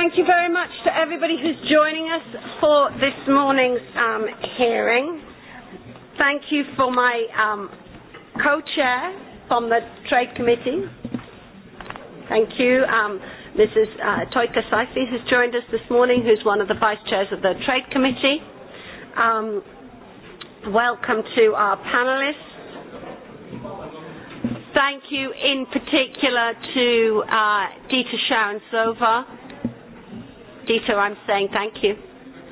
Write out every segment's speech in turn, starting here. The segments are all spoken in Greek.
Thank you very much to everybody who's joining us for this morning's um, hearing. Thank you for my um, co-chair from the Trade Committee. Thank you. Um, Mrs. Uh, Toika Saifi has joined us this morning, who's one of the vice chairs of the Trade Committee. Um, welcome to our panelists. Thank you in particular to uh, Dita Sharon Sova Dita, I'm saying thank you.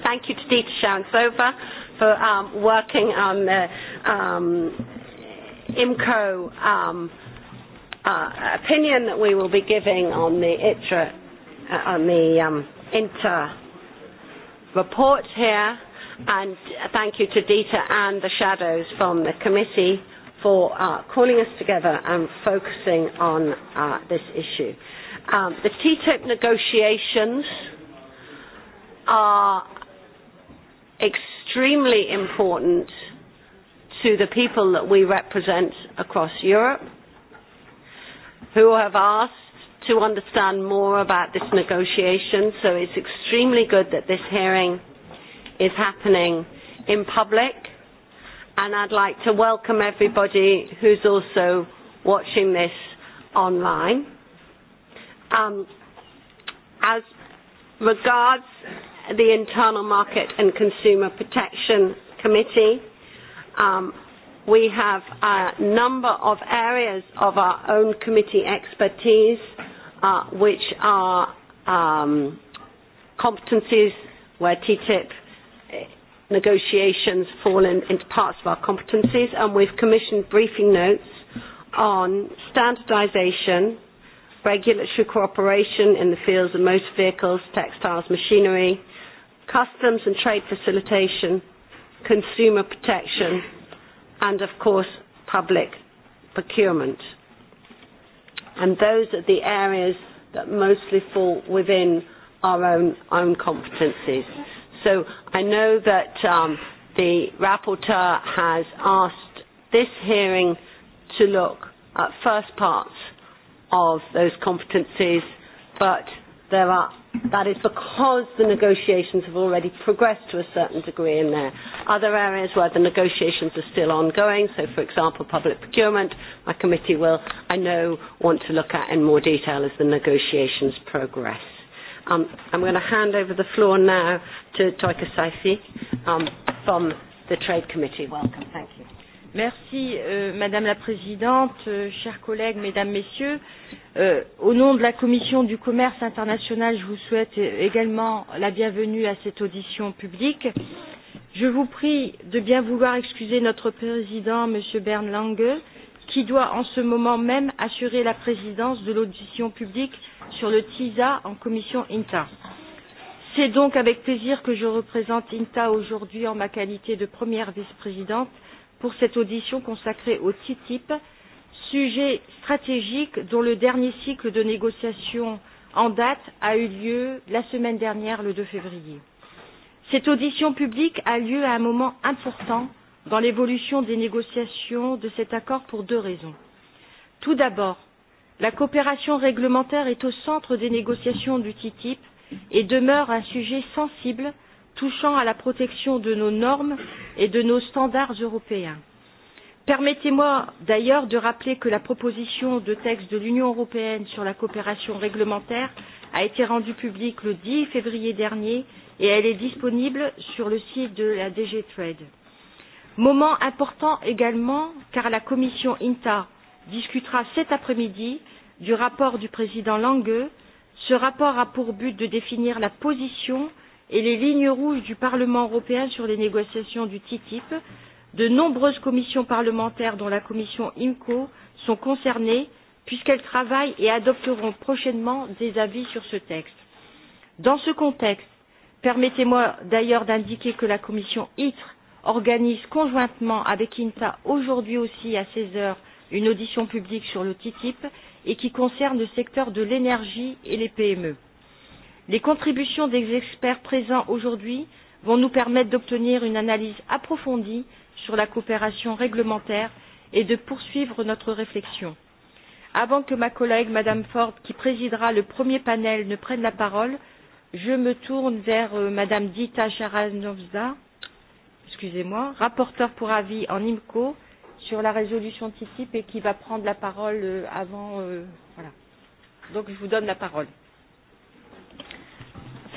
Thank you to Dieter Shansova for um, working on the um, IMCO um, uh, opinion that we will be giving on the ITRA, uh, on the um, INTER report here. And thank you to Dieter and the shadows from the committee for uh, calling us together and focusing on uh, this issue. Um, the TTIP negotiations are extremely important to the people that we represent across Europe who have asked to understand more about this negotiation. So it's extremely good that this hearing is happening in public. And I'd like to welcome everybody who's also watching this online. Um, as regards the Internal Market and Consumer Protection Committee. Um, we have a number of areas of our own committee expertise uh, which are um, competencies where TTIP negotiations fall in, into parts of our competencies and we've commissioned briefing notes on standardization, regulatory cooperation in the fields of motor vehicles, textiles, machinery, customs and trade facilitation, consumer protection, and of course public procurement. And those are the areas that mostly fall within our own, own competencies. So I know that um, the rapporteur has asked this hearing to look at first parts of those competencies, but there are That is because the negotiations have already progressed to a certain degree in there. Other areas where the negotiations are still ongoing, so for example public procurement, my committee will, I know, want to look at in more detail as the negotiations progress. Um, I'm going to hand over the floor now to Toika Saifi from the Trade Committee. Welcome. Thank you. Merci, euh, Madame la Présidente, chers collègues, Mesdames, Messieurs. au nom de la Commission du commerce international, je vous souhaite également la bienvenue à cette audition publique. Je vous prie de bien vouloir excuser notre président, Monsieur Bernd Lange, qui doit en ce moment même assurer la présidence de l'audition publique sur le TISA en commission INTA. C'est donc avec plaisir que je représente INTA aujourd'hui en ma qualité de première vice-présidente pour cette audition consacrée au TTIP, sujet stratégique dont le dernier cycle de négociations en date a eu lieu la semaine dernière, le 2 février. Cette audition publique a lieu à un moment important dans l'évolution des négociations de cet accord pour deux raisons. Tout d'abord, la coopération réglementaire est au centre des négociations du TTIP et demeure un sujet sensible touchant à la protection de nos normes et de nos standards européens. Permettez-moi d'ailleurs de rappeler que la proposition de texte de l'Union européenne sur la coopération réglementaire a été rendue publique le 10 février dernier et elle est disponible sur le site de la DG Trade. Moment important également car la commission INTA discutera cet après-midi du rapport du président Lange. Ce rapport a pour but de définir la position et les lignes rouges du Parlement européen sur les négociations du TTIP, de nombreuses commissions parlementaires, dont la commission IMCO, sont concernées, puisqu'elles travaillent et adopteront prochainement des avis sur ce texte. Dans ce contexte, permettez-moi d'ailleurs d'indiquer que la commission ITRE organise conjointement avec INTA aujourd'hui aussi à heures une audition publique sur le TTIP et qui concerne le secteur de l'énergie et les PME. Les contributions des experts présents aujourd'hui vont nous permettre d'obtenir une analyse approfondie sur la coopération réglementaire et de poursuivre notre réflexion. Avant que ma collègue Madame Ford, qui présidera le premier panel, ne prenne la parole, je me tourne vers Madame Dita Charanovza, excusez-moi, rapporteure pour avis en IMCO sur la résolution TTIP et qui va prendre la parole avant. Voilà. Donc je vous donne la parole.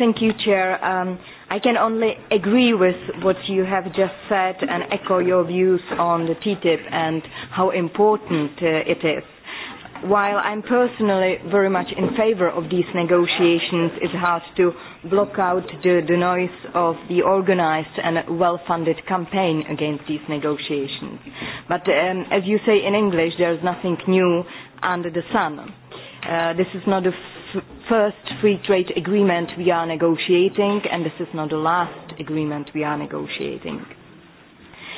Thank you, Chair. Um, I can only agree with what you have just said and echo your views on the TTIP and how important uh, it is. While I'm personally very much in favor of these negotiations, it's hard to block out the, the noise of the organized and well-funded campaign against these negotiations. But um, as you say in English, there's nothing new under the sun. Uh, this is not the first free trade agreement we are negotiating, and this is not the last agreement we are negotiating.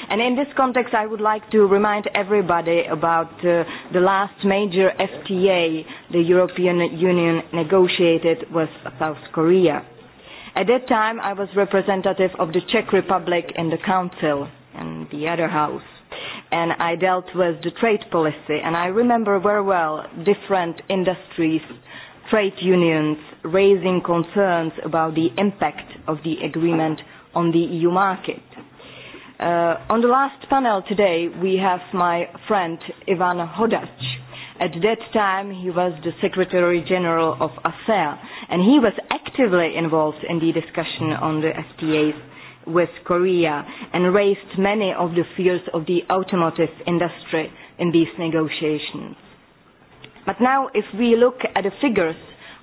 And in this context, I would like to remind everybody about the last major FTA the European Union negotiated with South Korea. At that time, I was representative of the Czech Republic in the Council and the other house and I dealt with the trade policy and I remember very well different industries trade unions raising concerns about the impact of the agreement on the EU market. On the last panel today we have my friend Ivan Hodac. At that time he was the Secretary General of ASEA and he was actively involved in the discussion on the FTAs with Korea and raised many of the fears of the automotive industry in these negotiations. But now if we look at the figures,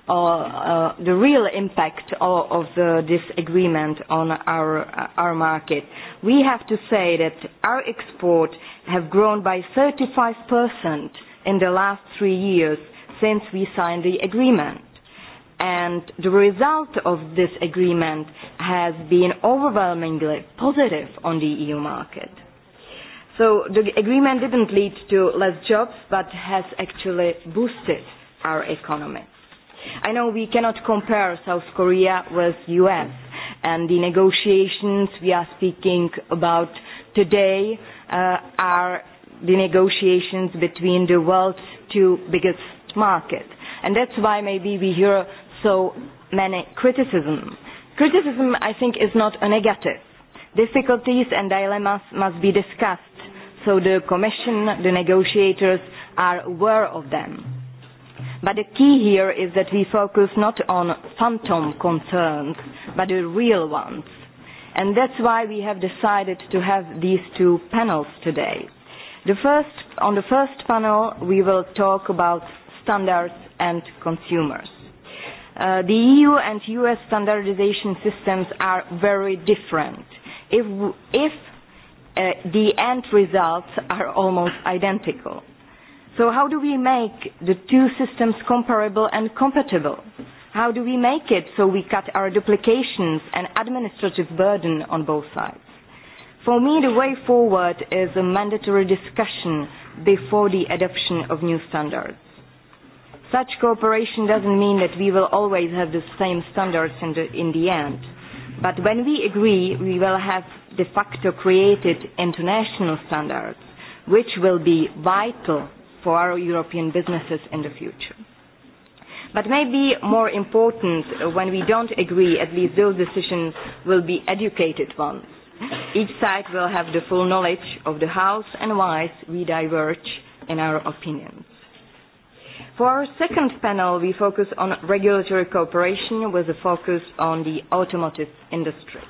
the real impact of this agreement on our market, we have to say that our exports have grown by 35% in the last three years since we signed the agreement. And the result of this agreement has been overwhelmingly positive on the EU market. So the agreement didn't lead to less jobs, but has actually boosted our economy. I know we cannot compare South Korea with the US, and the negotiations we are speaking about today are the negotiations between the world's two biggest markets. And that's why maybe we hear so many criticism. Criticism, I think, is not a negative. Difficulties and dilemmas must be discussed so the Commission, the negotiators are aware of them. But the key here is that we focus not on phantom concerns, but the real ones. And that's why we have decided to have these two panels today. The first, on the first panel, we will talk about standards and consumers. The EU and US standardization systems are very different. If, if the end results are almost identical. So how do we make the two systems comparable and compatible? How do we make it so we cut our duplications and administrative burden on both sides? For me, the way forward is a mandatory discussion before the adoption of new standards. Such cooperation doesn't mean that we will always have the same standards in the, in the end. But when we agree, we will have de facto created international standards which will be vital for our European businesses in the future. But maybe more important, when we don't agree, at least those decisions will be educated ones. Each side will have the full knowledge of the House and why we diverge in our opinions. For our second panel, we focus on regulatory cooperation with a focus on the automotive industry.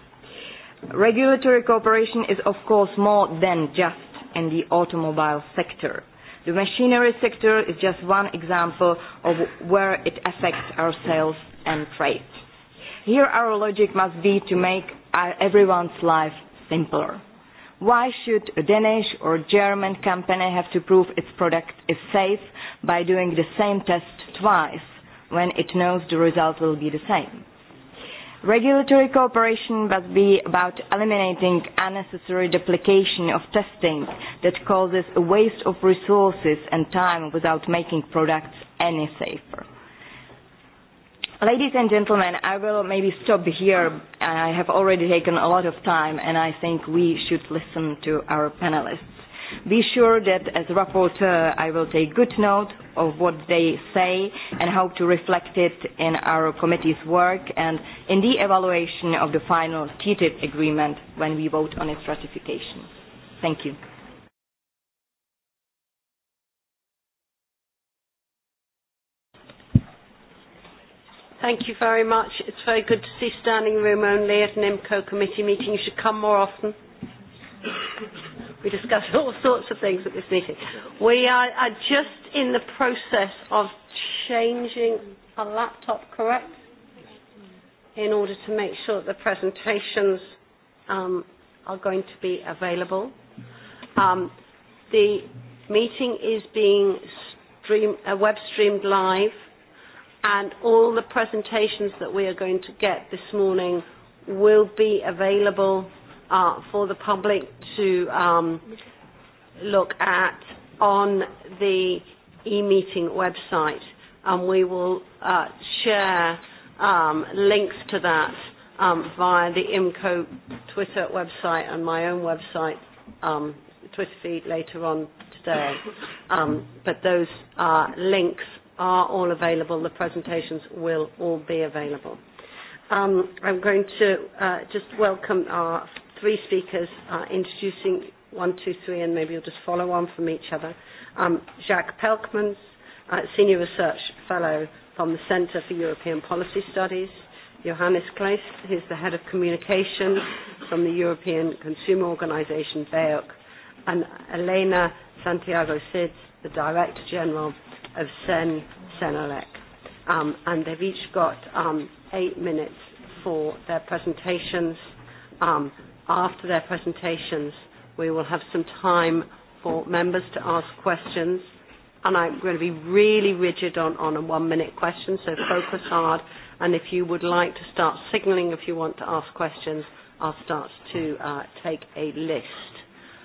Regulatory cooperation is of course more than just in the automobile sector. The machinery sector is just one example of where it affects our sales and trade. Here our logic must be to make everyone's life simpler. Why should a Danish or German company have to prove its product is safe by doing the same test twice when it knows the result will be the same? Regulatory cooperation must be about eliminating unnecessary duplication of testing that causes a waste of resources and time without making products any safer. Ladies and gentlemen, I will maybe stop here. I have already taken a lot of time and I think we should listen to our panelists. Be sure that as rapporteur I will take good note of what they say and hope to reflect it in our committee's work and in the evaluation of the final TTIP agreement when we vote on its ratification. Thank you. Thank you very much. It's very good to see standing room only at an IMCO committee meeting. You should come more often. We discuss all sorts of things at this meeting. We are just in the process of changing a laptop, correct? In order to make sure that the presentations um, are going to be available. Um, the meeting is being stream, uh, web streamed live and all the presentations that we are going to get this morning will be available for the public to um, look at on the e-meeting website. And we will uh, share um, links to that um, via the IMCO Twitter website and my own website, um, Twitter feed later on today. Um, but those uh, links are all available. The presentations will all be available. Um, I'm going to uh, just welcome our three speakers uh, introducing one, two, three, and maybe you'll just follow on from each other. Um, Jacques Pelkmans, uh, Senior Research Fellow from the Center for European Policy Studies. Johannes Kleist, who's the Head of Communication from the European Consumer Organization, BEOC. And Elena Santiago Sids, the Director General of CEN, CENELEC. Um, and they've each got um, eight minutes for their presentations. Um, After their presentations, we will have some time for members to ask questions. And I'm going to be really rigid on, on a one-minute question, so focus hard. And if you would like to start signalling if you want to ask questions, I'll start to uh, take a list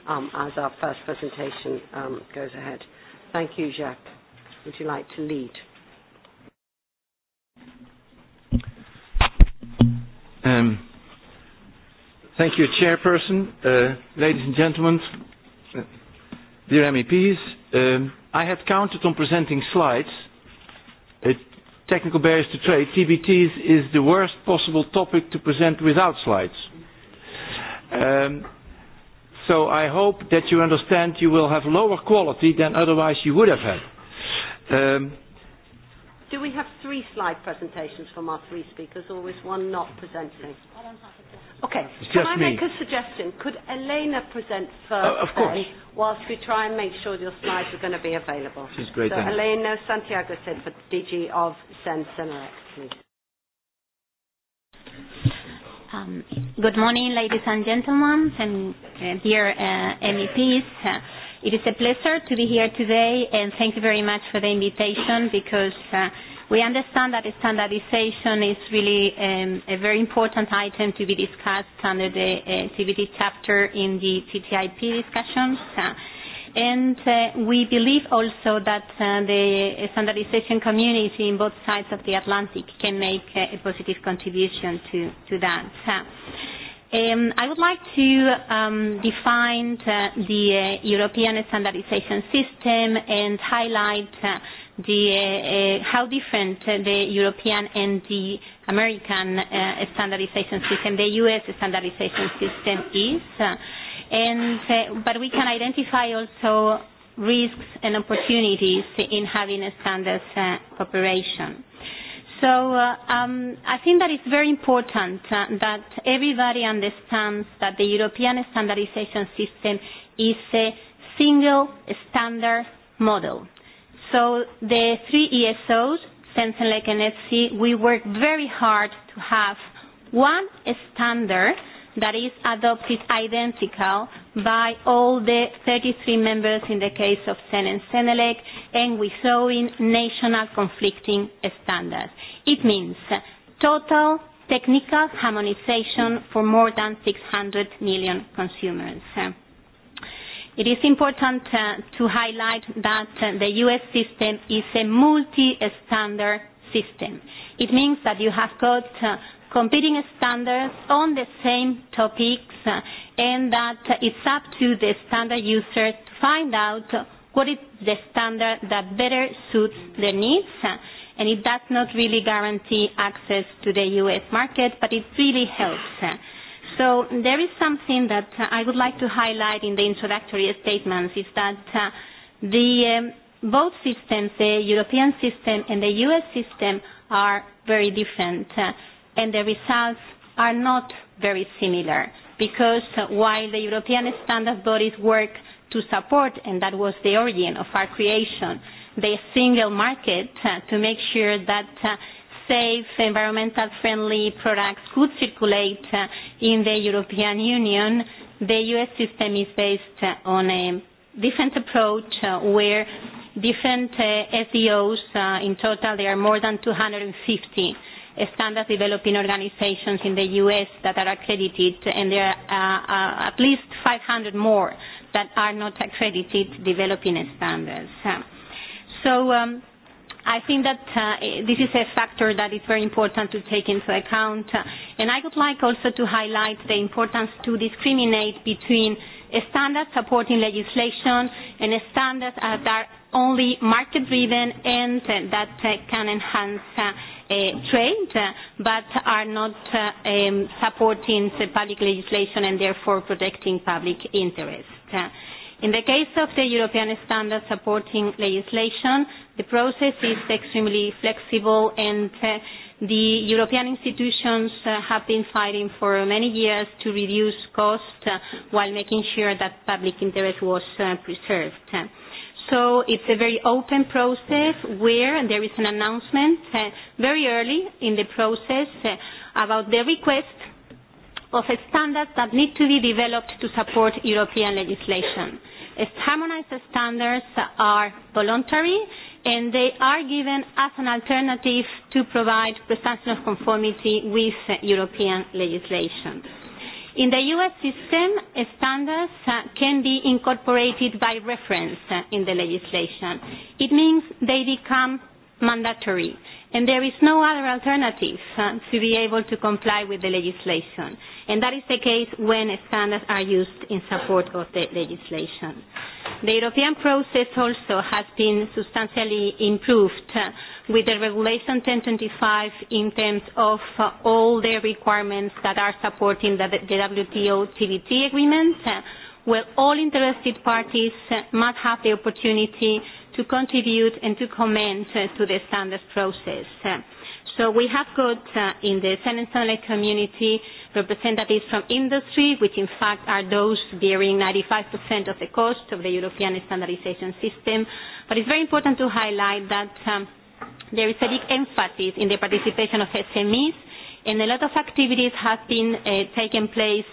um, as our first presentation um, goes ahead. Thank you, Jacques. Would you like to lead? Um, Thank you, Chairperson. Ladies and gentlemen, dear MEPs, I had counted on presenting slides. Technical barriers to trade, TBTs, is the worst possible topic to present without slides. So I hope that you understand you will have lower quality than otherwise you would have had. Do we have three slide presentations from our three speakers, or is one not presenting? I don't have Okay. It's Can I make a suggestion? Could Elena present first, of course. whilst we try and make sure your slides are going to be available? She's great. So Elena Santiago said for DG of Cinerex, please. Um, good morning, ladies and gentlemen, and dear MEPs. It is a pleasure to be here today, and thank you very much for the invitation because we understand that standardization is really a very important item to be discussed under the CBD chapter in the TTIP discussions. And we believe also that the standardization community in both sides of the Atlantic can make a positive contribution to that. Um, I would like to um, define the European standardization system and highlight the, how different the European and the American standardization system, the U.S. standardization system is. and, but we can identify also risks and opportunities in having a standards cooperation. So um, I think that it's very important that everybody understands that the European standardization system is a single standard model. So the three ESOs, Sensenlec and FC, we work very hard to have one standard that is adopted identical by all the 33 members in the case of SEN and SENELEC and we saw in national conflicting standards. It means total technical harmonization for more than 600 million consumers. It is important to highlight that the U.S. system is a multi-standard system. It means that you have got competing standards on the same topics and that it's up to the standard user to find out what is the standard that better suits their needs and it does not really guarantee access to the US market but it really helps. So there is something that I would like to highlight in the introductory statements is that the both systems, the European system and the US system are very different and the results are not very similar because while the European standard bodies work to support, and that was the origin of our creation, the single market to make sure that safe, environmental friendly products could circulate in the European Union, the US system is based on a different approach where different SDOs, in total there are more than 250, standards developing organizations in the U.S. that are accredited, and there are at least 500 more that are not accredited developing standards. So I think that this is a factor that is very important to take into account. And I would like also to highlight the importance to discriminate between standards supporting legislation and standards that are only market-driven and that can enhance trade, but are not supporting public legislation and therefore protecting public interest. In the case of the European standard supporting legislation, the process is extremely flexible and the European institutions have been fighting for many years to reduce costs while making sure that public interest was preserved. So it's a very open process where there is an announcement very early in the process about the request of standards that need to be developed to support European legislation. Harmonized standards are voluntary and they are given as an alternative to provide presumption of conformity with European legislation. In the U.S. system, standards can be incorporated by reference in the legislation. It means they become mandatory, and there is no other alternative to be able to comply with the legislation. And that is the case when standards are used in support of the legislation. The European process also has been substantially improved with the Regulation 1025 in terms of all the requirements that are supporting the WTO TBT agreement, where all interested parties must have the opportunity to contribute and to comment to the standards process. So we have got in the Senate community representatives from industry, which in fact are those bearing 95% of the cost of the European standardization system. But it's very important to highlight that There is a big emphasis in the participation of SMEs, and a lot of activities have been taken place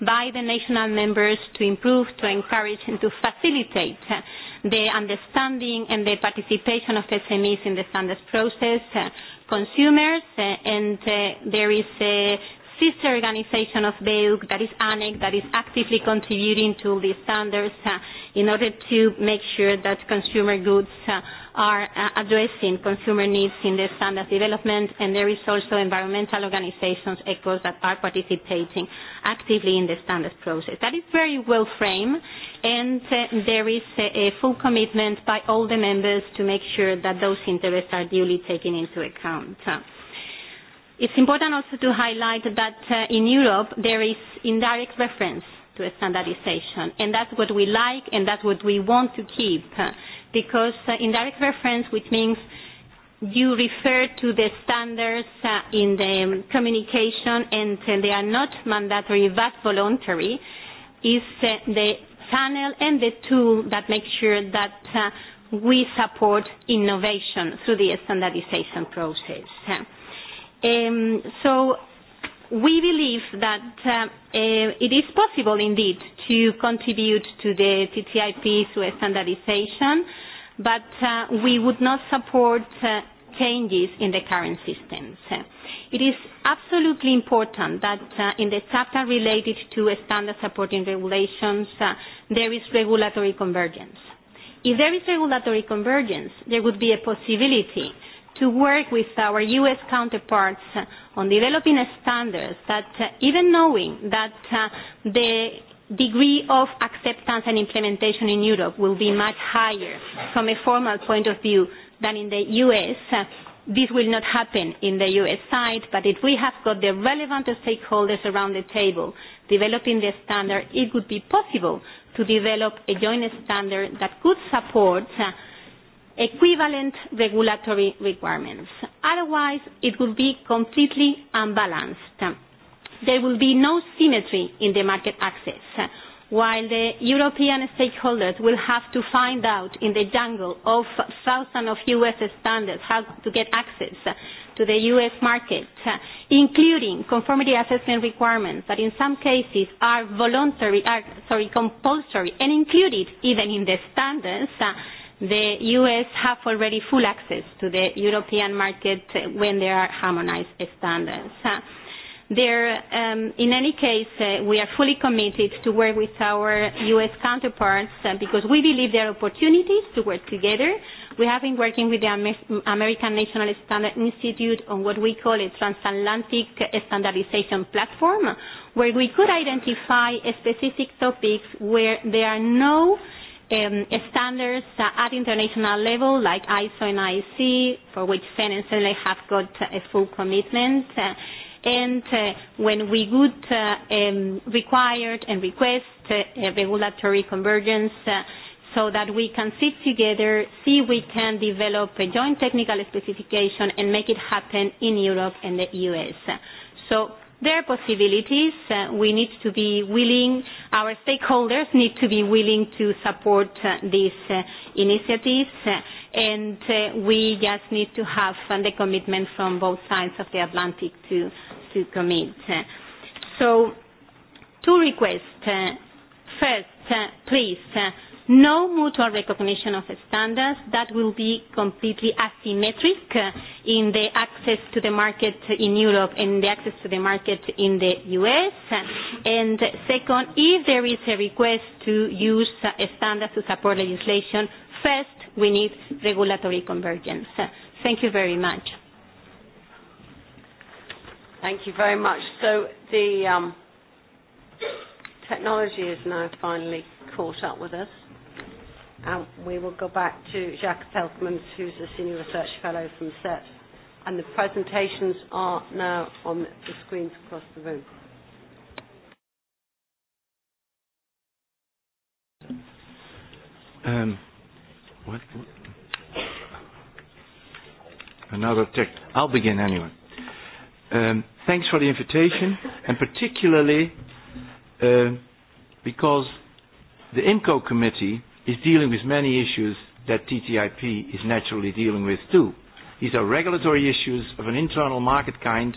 by the national members to improve, to encourage, and to facilitate the understanding and the participation of SMEs in the standards process, consumers, and there is a sister organization of BEUC that is ANEC, that is actively contributing to these standards in order to make sure that consumer goods are addressing consumer needs in the standards development, and there is also environmental organizations, ECOS, that are participating actively in the standards process. That is very well framed, and there is a full commitment by all the members to make sure that those interests are duly taken into account. It's important also to highlight that in Europe there is indirect reference to standardization, and that's what we like and that's what we want to keep because indirect reference, which means you refer to the standards in the communication and they are not mandatory but voluntary, is the channel and the tool that makes sure that we support innovation through the standardization process. So We believe that it is possible indeed to contribute to the TTIP through standardization, but we would not support changes in the current systems. It is absolutely important that in the chapter related to standard supporting regulations, there is regulatory convergence. If there is regulatory convergence, there would be a possibility to work with our U.S. counterparts on developing standards that even knowing that the degree of acceptance and implementation in Europe will be much higher from a formal point of view than in the U.S., this will not happen in the U.S. side, but if we have got the relevant stakeholders around the table developing the standard, it would be possible to develop a joint standard that could support equivalent regulatory requirements. Otherwise, it would be completely unbalanced. There will be no symmetry in the market access, while the European stakeholders will have to find out in the jungle of thousands of U.S. standards how to get access to the U.S. market, including conformity assessment requirements that in some cases are voluntary, are, sorry, compulsory and included even in the standards, the US have already full access to the European market when there are harmonized standards. in any case, we are fully committed to work with our U.S. counterparts because we believe there are opportunities to work together. We have been working with the American National Standard Institute on what we call a transatlantic standardization platform, where we could identify specific topics where there are no standards at international level like ISO and IEC for which FEN and CENLE have got a full commitment and when we would require and request regulatory convergence so that we can sit together, see we can develop a joint technical specification and make it happen in Europe and the US. So There are possibilities. We need to be willing, our stakeholders need to be willing to support these initiatives, and we just need to have the commitment from both sides of the Atlantic to, to commit. So, two requests. First, please, no mutual recognition of standards that will be completely asymmetric in the access to the market in Europe and the access to the market in the US. And second, if there is a request to use standards to support legislation, first we need regulatory convergence. Thank you very much. Thank you very much. So the um, technology is now finally caught up with us. Um, we will go back to Jacques Pelkmans, who's a Senior Research Fellow from SET. And the presentations are now on the screens across the room. Um, what, Another tick. I'll begin anyway. Um, thanks for the invitation, and particularly uh, because the IMCO committee is dealing with many issues that TTIP is naturally dealing with too. These are regulatory issues of an internal market kind,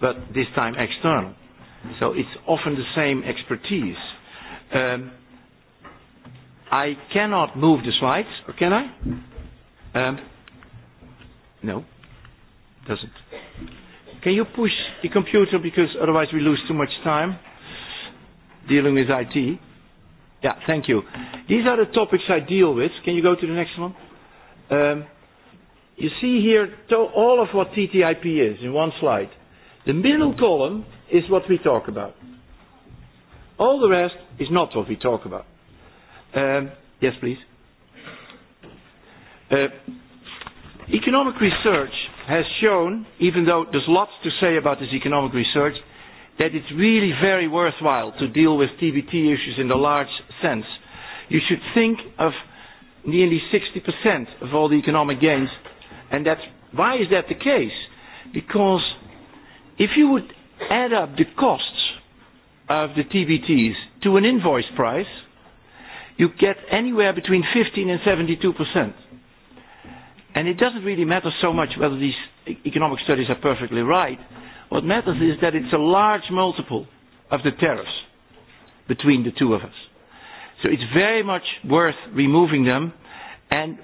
but this time external. So it's often the same expertise. Um, I cannot move the slides, or can I? Um, no, doesn't. Can you push the computer because otherwise we lose too much time dealing with IT? Yeah, thank you. These are the topics I deal with. Can you go to the next one? Um, you see here all of what TTIP is in one slide. The middle column is what we talk about. All the rest is not what we talk about. Um, yes, please. Uh, economic research has shown, even though there's lots to say about this economic research, that it's really very worthwhile to deal with TBT issues in the large You should think of nearly 60% of all the economic gains. And that's, why is that the case? Because if you would add up the costs of the TBTs to an invoice price, you get anywhere between 15 and 72%. And it doesn't really matter so much whether these economic studies are perfectly right. What matters is that it's a large multiple of the tariffs between the two of us. So it's very much worth removing them, and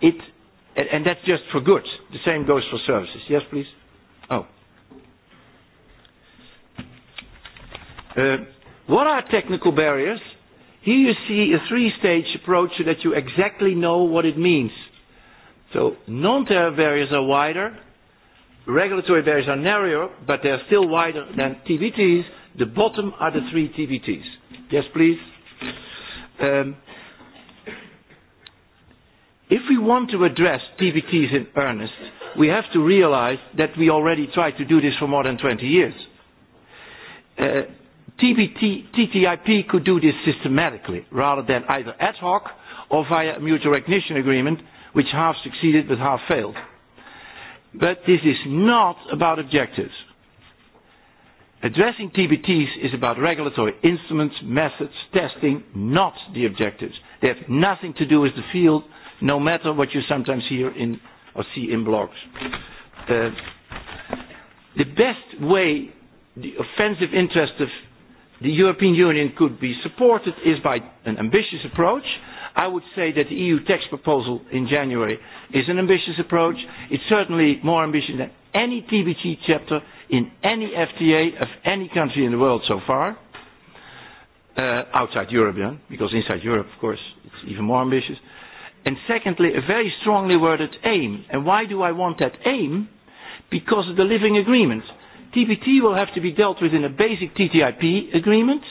it and that's just for goods. The same goes for services. Yes, please. Oh. What are technical barriers? Here you see a three-stage approach so that you exactly know what it means. So non-tariff barriers are wider, regulatory barriers are narrower, but they are still wider than TBTs. The bottom are the three TBTs. Yes, please. If we want to address TBTs in earnest, we have to realize that we already tried to do this for more than 20 years. TBT, TTIP could do this systematically rather than either ad hoc or via a mutual recognition agreement which half succeeded but half failed. But this is not about objectives. Addressing TBTs is about regulatory instruments, methods, testing, not the objectives. They have nothing to do with the field, no matter what you sometimes hear in or see in blogs. The best way the offensive interest of the European Union could be supported is by an ambitious approach I would say that the EU tax proposal in January is an ambitious approach. It's certainly more ambitious than any TBT chapter in any FTA of any country in the world so far, outside Europe, because inside Europe, of course, it's even more ambitious. And secondly, a very strongly worded aim. And why do I want that aim? Because of the living agreement. TBT will have to be dealt with in a basic TTIP agreement,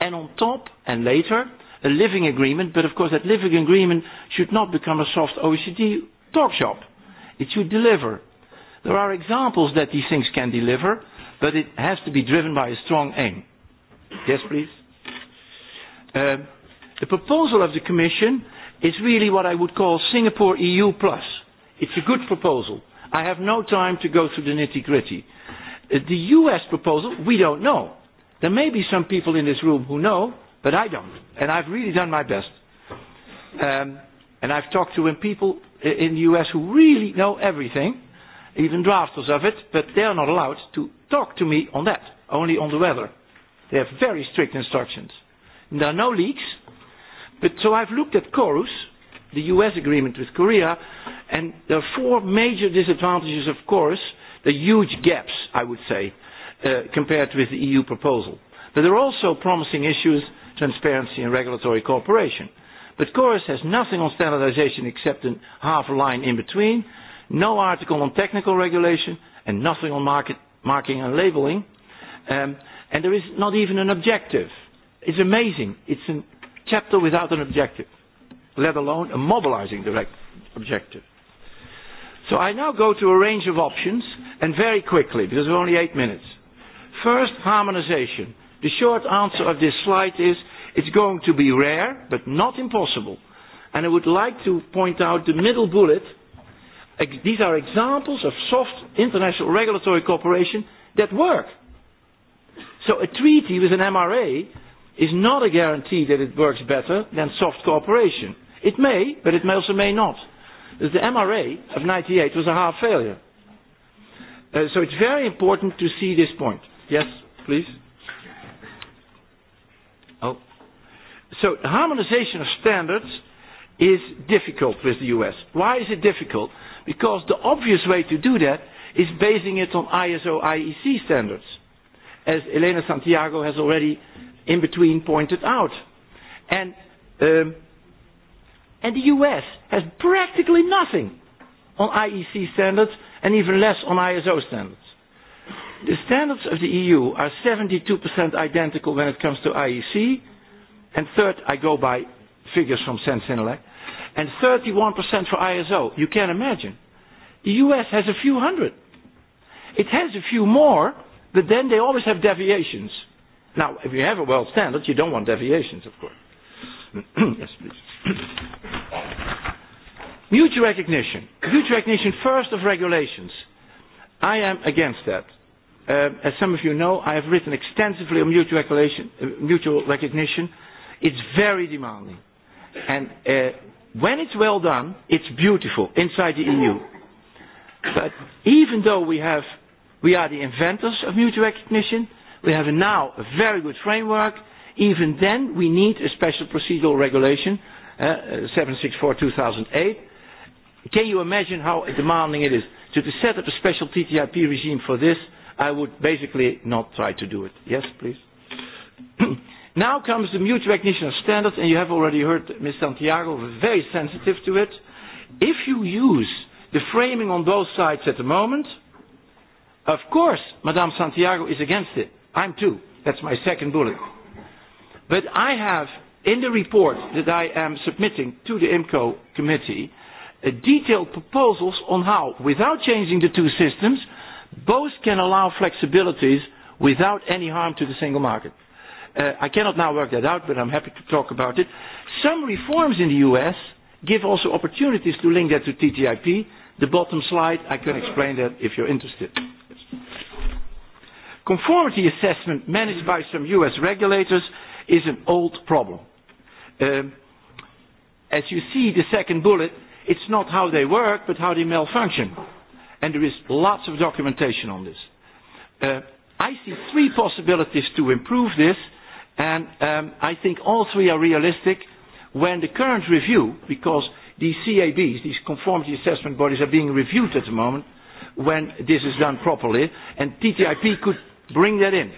and on top, and later, a living agreement, but of course that living agreement should not become a soft OECD talk shop. It should deliver. There are examples that these things can deliver, but it has to be driven by a strong aim. Yes, please. The proposal of the Commission is really what I would call Singapore EU plus. It's a good proposal. I have no time to go through the nitty-gritty. The US proposal, we don't know. There may be some people in this room who know, But I don't. And I've really done my best. Um, and I've talked to people in the US who really know everything, even drafters of it, but they are not allowed to talk to me on that, only on the weather. They have very strict instructions. there are no leaks. But so I've looked at CORUS, the US agreement with Korea, and there are four major disadvantages of course, the huge gaps, I would say, compared with the EU proposal. But there are also promising issues transparency and regulatory cooperation. But CORUS has nothing on standardization except a half line in between, no article on technical regulation, and nothing on market, marking and labeling. and there is not even an objective. It's amazing. It's a chapter without an objective, let alone a mobilizing direct objective. So I now go to a range of options, and very quickly, because we only eight minutes. First, harmonization. The short answer of this slide is it's going to be rare, but not impossible. And I would like to point out the middle bullet. These are examples of soft international regulatory cooperation that work. So a treaty with an MRA is not a guarantee that it works better than soft cooperation. It may, but it may also may not. The MRA of 98 was a half failure. So it's very important to see this point. Yes, please. So the harmonization of standards is difficult with the US. Why is it difficult? Because the obvious way to do that is basing it on ISO IEC standards, as Elena Santiago has already in between pointed out. And, um, and the US has practically nothing on IEC standards and even less on ISO standards. The standards of the EU are 72% identical when it comes to IEC And third, I go by figures from Sensenelec. And 31% for ISO. You can't imagine. The US has a few hundred. It has a few more, but then they always have deviations. Now, if you have a world standard, you don't want deviations, of course. yes, please. Mutual recognition. Mutual recognition first of regulations. I am against that. As some of you know, I have written extensively on mutual recognition It's very demanding. And when it's well done, it's beautiful inside the EU. But even though we have, we are the inventors of mutual recognition, we have now a very good framework. Even then, we need a special procedural regulation, 764/2008. Can you imagine how demanding it is to set up a special TTIP regime for this? I would basically not try to do it. Yes, please. Now comes the mutual recognition of standards, and you have already heard Ms. Santiago very sensitive to it. If you use the framing on both sides at the moment, of course, Madame Santiago is against it. I'm too. That's my second bullet. But I have in the report that I am submitting to the IMCO committee detailed proposals on how, without changing the two systems, both can allow flexibilities without any harm to the single market. I cannot now work that out, but I'm happy to talk about it. Some reforms in the U.S. give also opportunities to link that to TTIP. The bottom slide, I can explain that if you're interested. Conformity assessment managed by some U.S. regulators is an old problem. As you see the second bullet, it's not how they work, but how they malfunction. And there is lots of documentation on this. I see three possibilities to improve this And I think all three are realistic when the current review, because these CABs, these conformity assessment bodies, are being reviewed at the moment, when this is done properly, and TTIP could bring that in.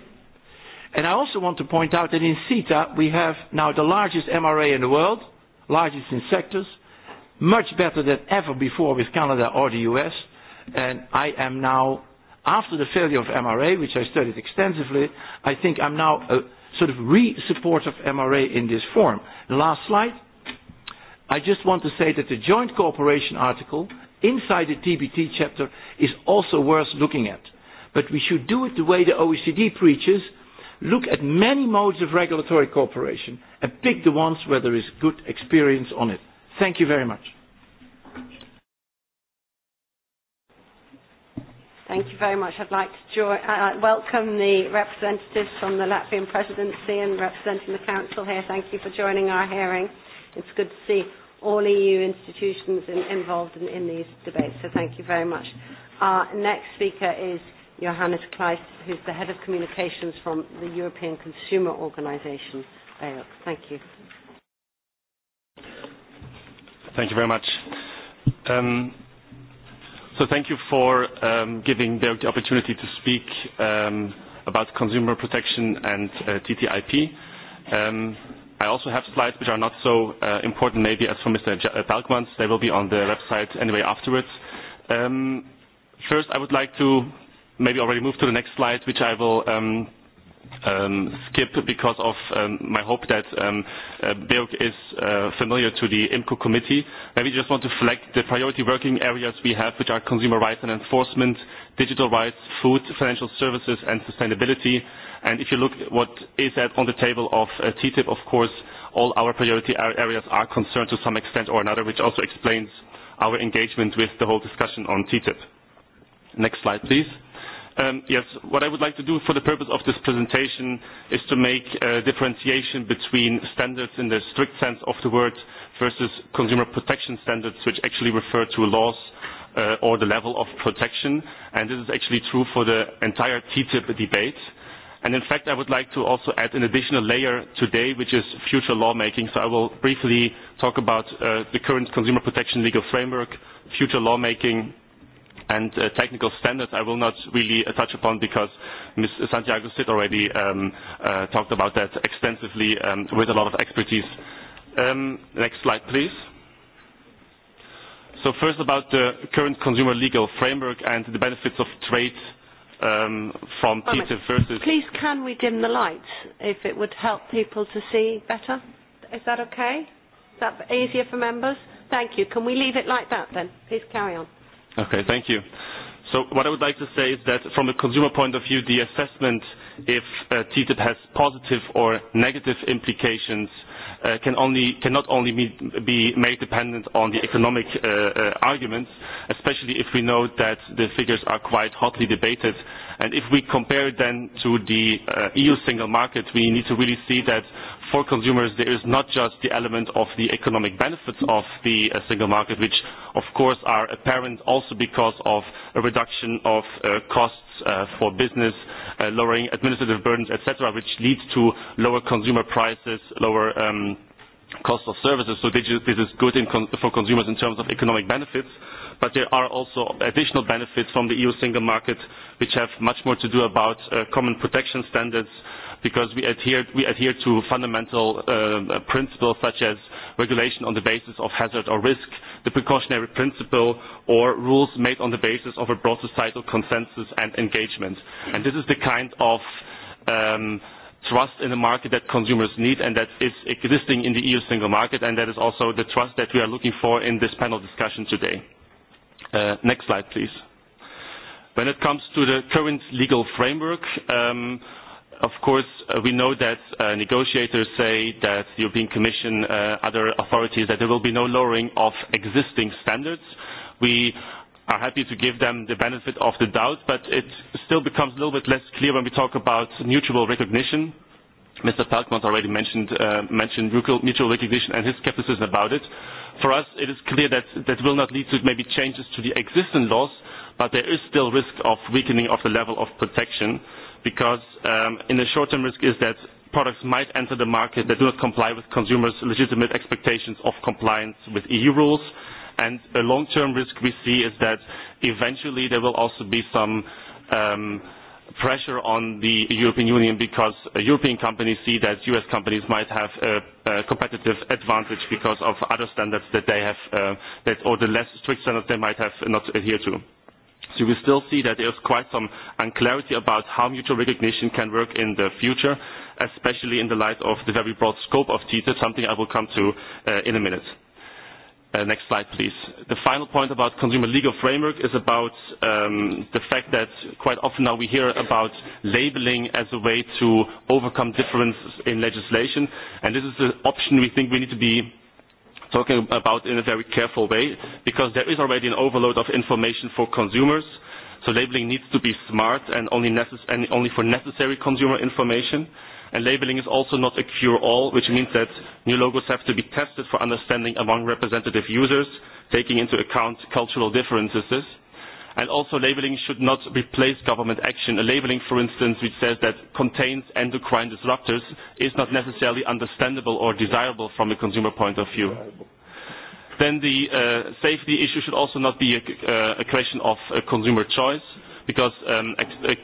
And I also want to point out that in CETA we have now the largest MRA in the world, largest in sectors, much better than ever before with Canada or the US, and I am now, after the failure of MRA, which I studied extensively, I think I'm now sort of re-support of MRA in this form. last slide. I just want to say that the joint cooperation article inside the TBT chapter is also worth looking at. But we should do it the way the OECD preaches, look at many modes of regulatory cooperation and pick the ones where there is good experience on it. Thank you very much. Thank you very much. I'd like to join, uh, welcome the representatives from the Latvian presidency and representing the council here. Thank you for joining our hearing. It's good to see all EU institutions in, involved in, in these debates, so thank you very much. Our next speaker is Johannes Kleist, who's the head of communications from the European Consumer Organization. Thank you. Thank you very much. Um, So thank you for um, giving Dirk the opportunity to speak um, about consumer protection and uh, TTIP. Um, I also have slides which are not so uh, important maybe as for Mr. Balkmans. They will be on the website anyway afterwards. Um, first, I would like to maybe already move to the next slide, which I will um, skip because of my hope that Birg is familiar to the IMCO committee. Maybe just want to flag the priority working areas we have, which are consumer rights and enforcement, digital rights, food, financial services, and sustainability. And if you look at what is at on the table of TTIP, of course, all our priority areas are concerned to some extent or another, which also explains our engagement with the whole discussion on TTIP. Next slide, please. Yes, what I would like to do for the purpose of this presentation is to make a differentiation between standards in the strict sense of the word versus consumer protection standards, which actually refer to laws or the level of protection. And this is actually true for the entire TTIP debate. And in fact, I would like to also add an additional layer today, which is future lawmaking. So I will briefly talk about the current consumer protection legal framework, future lawmaking and technical standards I will not really touch upon because Ms. Santiago Sid already talked about that extensively with a lot of expertise. Next slide, please. So first about the current consumer legal framework and the benefits of trade from Peter versus... Please can we dim the lights if it would help people to see better? Is that okay? Is that easier for members? Thank you. Can we leave it like that then? Please carry on. Okay, thank you. So what I would like to say is that from a consumer point of view, the assessment if TTIP has positive or negative implications can not only be made dependent on the economic arguments, especially if we know that the figures are quite hotly debated. And if we compare then to the EU single market, we need to really see that for consumers there is not just the element of the economic benefits of the single market, which of course are apparent also because of a reduction of costs for business, lowering administrative burdens, etc., which leads to lower consumer prices, lower cost of services. So this is good for consumers in terms of economic benefits, but there are also additional benefits from the EU single market, which have much more to do about common protection standards because we adhere to fundamental principles such as regulation on the basis of hazard or risk, the precautionary principle, or rules made on the basis of a broad societal consensus and engagement. And this is the kind of trust in the market that consumers need and that is existing in the EU single market and that is also the trust that we are looking for in this panel discussion today. Next slide, please. When it comes to the current legal framework, Of course, we know that negotiators say that the European Commission, other authorities, that there will be no lowering of existing standards. We are happy to give them the benefit of the doubt, but it still becomes a little bit less clear when we talk about mutual recognition. Mr. Palkmont already mentioned mutual recognition and his skepticism about it. For us, it is clear that that will not lead to maybe changes to the existing laws, but there is still risk of weakening of the level of protection because in the short term risk is that products might enter the market that do not comply with consumers' legitimate expectations of compliance with EU rules. And a long term risk we see is that eventually there will also be some pressure on the European Union because European companies see that US companies might have a competitive advantage because of other standards that they have, or the less strict standards they might have not adhered to. So we still see that there is quite some unclarity about how mutual recognition can work in the future, especially in the light of the very broad scope of TTIP, something I will come to in a minute. Next slide, please. The final point about consumer legal framework is about the fact that quite often now we hear about labeling as a way to overcome differences in legislation, and this is an option we think we need to be talking about in a very careful way because there is already an overload of information for consumers. So labeling needs to be smart and only, only for necessary consumer information. And labeling is also not a cure-all, which means that new logos have to be tested for understanding among representative users, taking into account cultural differences And also labeling should not replace government action. A labeling, for instance, which says that contains endocrine disruptors is not necessarily understandable or desirable from a consumer point of view. Then the safety issue should also not be a question of consumer choice because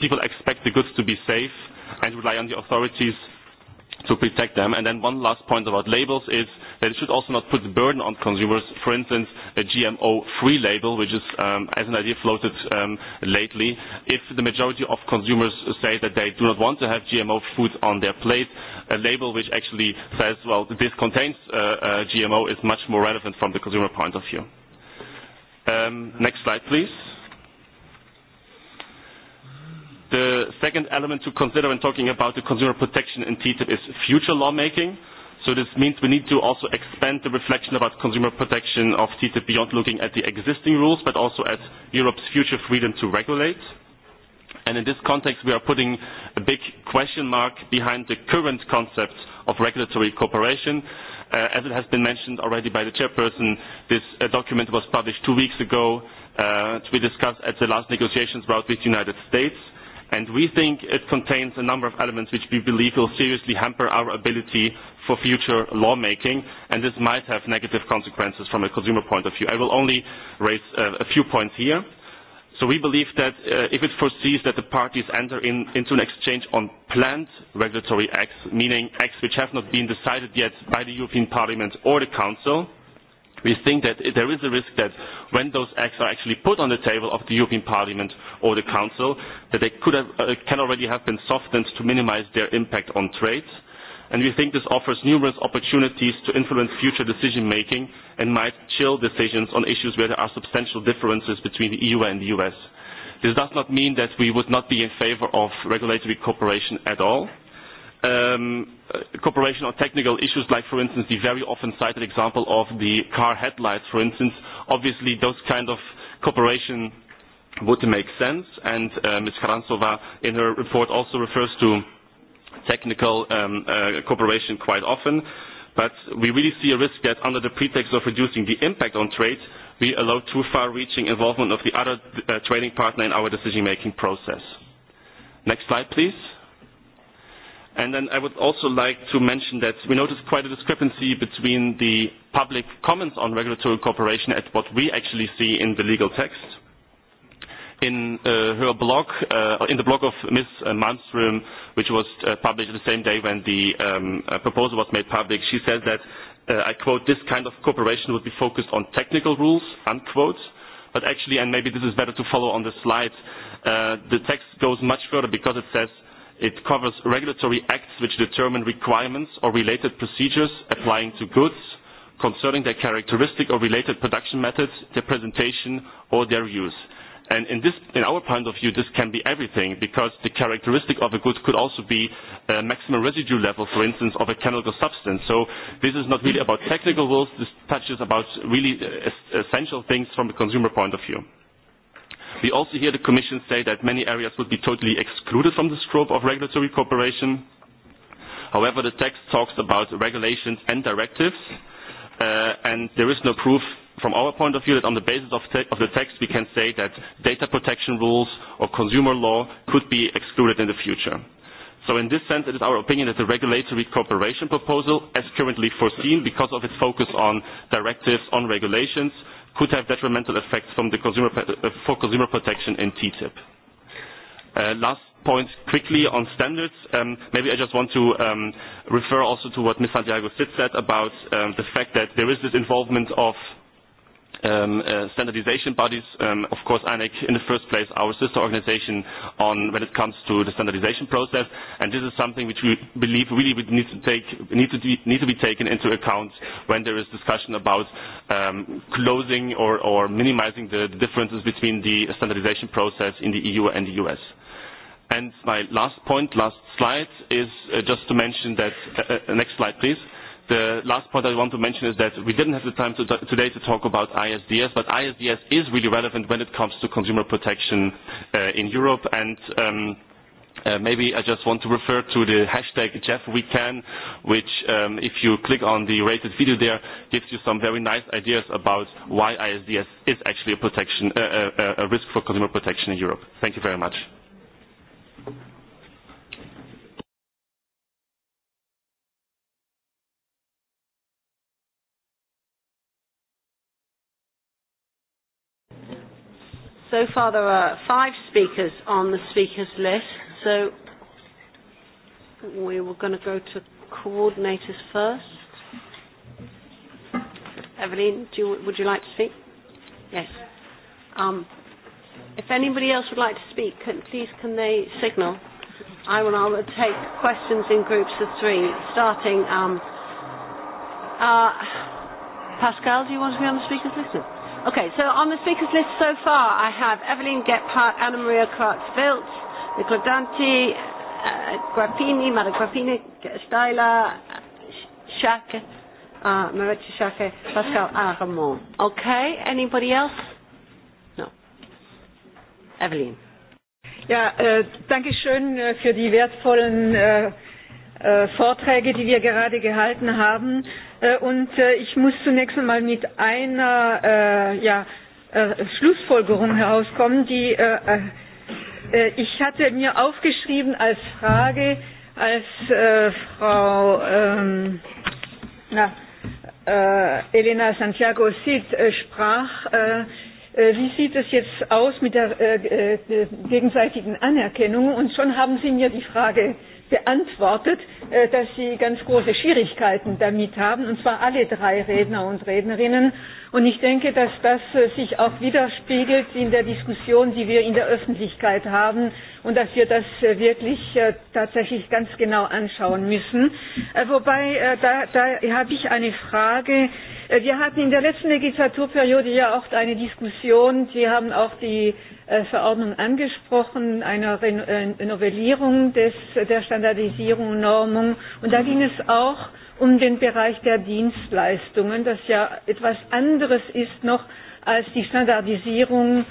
people expect the goods to be safe and rely on the authorities to protect them. And then one last point about labels is that it should also not put the burden on consumers. For instance, a GMO-free label, which is, as an idea, floated lately. If the majority of consumers say that they do not want to have GMO food on their plate, a label which actually says, well, this contains GMO is much more relevant from the consumer point of view. Next slide, please. The second element to consider when talking about the consumer protection in TTIP is future lawmaking. So this means we need to also expand the reflection about consumer protection of TTIP beyond looking at the existing rules, but also at Europe's future freedom to regulate. And in this context, we are putting a big question mark behind the current concept of regulatory cooperation. As it has been mentioned already by the chairperson, this document was published two weeks ago to be discussed at the last negotiations round with the United States and we think it contains a number of elements which we believe will seriously hamper our ability for future lawmaking, and this might have negative consequences from a consumer point of view. I will only raise a few points here. So we believe that if it foresees that the parties enter into an exchange on planned regulatory acts, meaning acts which have not been decided yet by the European Parliament or the Council, we think that there is a risk that when those acts are actually put on the table of the European Parliament or the Council, that they could have, can already have been softened to minimize their impact on trade. And we think this offers numerous opportunities to influence future decision making and might chill decisions on issues where there are substantial differences between the EU and the US. This does not mean that we would not be in favor of regulatory cooperation at all cooperation on technical issues like for instance the very often cited example of the car headlights for instance obviously those kind of cooperation would make sense and ms Karantsova in her report also refers to technical cooperation quite often but we really see a risk that under the pretext of reducing the impact on trade we allow too far reaching involvement of the other trading partner in our decision making process next slide please And then I would also like to mention that we noticed quite a discrepancy between the public comments on regulatory cooperation and what we actually see in the legal text. In her blog, in the blog of Ms. Malmström, which was published the same day when the proposal was made public, she says that, I quote, this kind of cooperation would be focused on technical rules, unquote. But actually, and maybe this is better to follow on the slide, the text goes much further because it says It covers regulatory acts which determine requirements or related procedures applying to goods concerning their characteristic or related production methods, their presentation or their use. And in in our point of view this can be everything because the characteristic of a good could also be a maximum residue level, for instance, of a chemical substance. So this is not really about technical rules, this touches about really essential things from the consumer point of view. We also hear the Commission say that many areas would be totally excluded from the scope of regulatory cooperation. However, the text talks about regulations and directives, and there is no proof from our point of view that on the basis of the text we can say that data protection rules or consumer law could be excluded in the future. So in this sense, it is our opinion that the regulatory cooperation proposal, as currently foreseen because of its focus on directives, on regulations, could have detrimental effects for consumer protection in TTIP. Last point quickly on standards. Maybe I just want to refer also to what Ms. Santiago said about the fact that there is this involvement of standardization bodies. Of course, ANEC in the first place, our sister organization on when it comes to the standardization process, and this is something which we believe really needs to take need to need to be taken into account when there is discussion about closing or or minimizing the differences between the standardization process in the EU and the US. And my last point, last slide, is just to mention that next slide, please The last point I want to mention is that we didn't have the time today to talk about ISDS, but ISDS is really relevant when it comes to consumer protection in Europe. And maybe I just want to refer to the hashtag JeffWeCan, which if you click on the rated video there, gives you some very nice ideas about why ISDS is actually a risk for consumer protection in Europe. Thank you very much. So far there are five speakers on the speakers list, so we were going to go to coordinators first. Evelyn, do you, would you like to speak? Yes. Um, if anybody else would like to speak, can, please can they signal? I will I'll take questions in groups of three, starting. Um, uh, Pascal, do you want to be on the speakers list? Okay, so on the speakers list so far, I have Evelyn Gephardt, Anna Maria Kratz-Vilt, Nicola Danti, uh, Grappini, Mara Grappini, Steiler, Schacke, uh, Maritza Pascal Aramon. Okay, anybody else? No. Evelyn. Ja, äh, danke schön für die wertvollen äh, äh, Vorträge, die wir gerade gehalten haben. Und ich muss zunächst einmal mit einer ja, Schlussfolgerung herauskommen, die ich hatte mir aufgeschrieben als Frage, als Frau Elena Santiago äh, sprach, wie sieht es jetzt aus mit der gegenseitigen Anerkennung? Und schon haben Sie mir die Frage beantwortet, dass Sie ganz große Schwierigkeiten damit haben, und zwar alle drei Redner und Rednerinnen Und ich denke, dass das sich auch widerspiegelt in der Diskussion, die wir in der Öffentlichkeit haben und dass wir das wirklich tatsächlich ganz genau anschauen müssen. Wobei, da, da habe ich eine Frage. Wir hatten in der letzten Legislaturperiode ja auch eine Diskussion, Sie haben auch die Verordnung angesprochen, einer Novellierung des, der Standardisierung und Normung. Und da ging es auch um den Bereich der Dienstleistungen, das ja etwas anderes anderes ist noch als die Standardisierung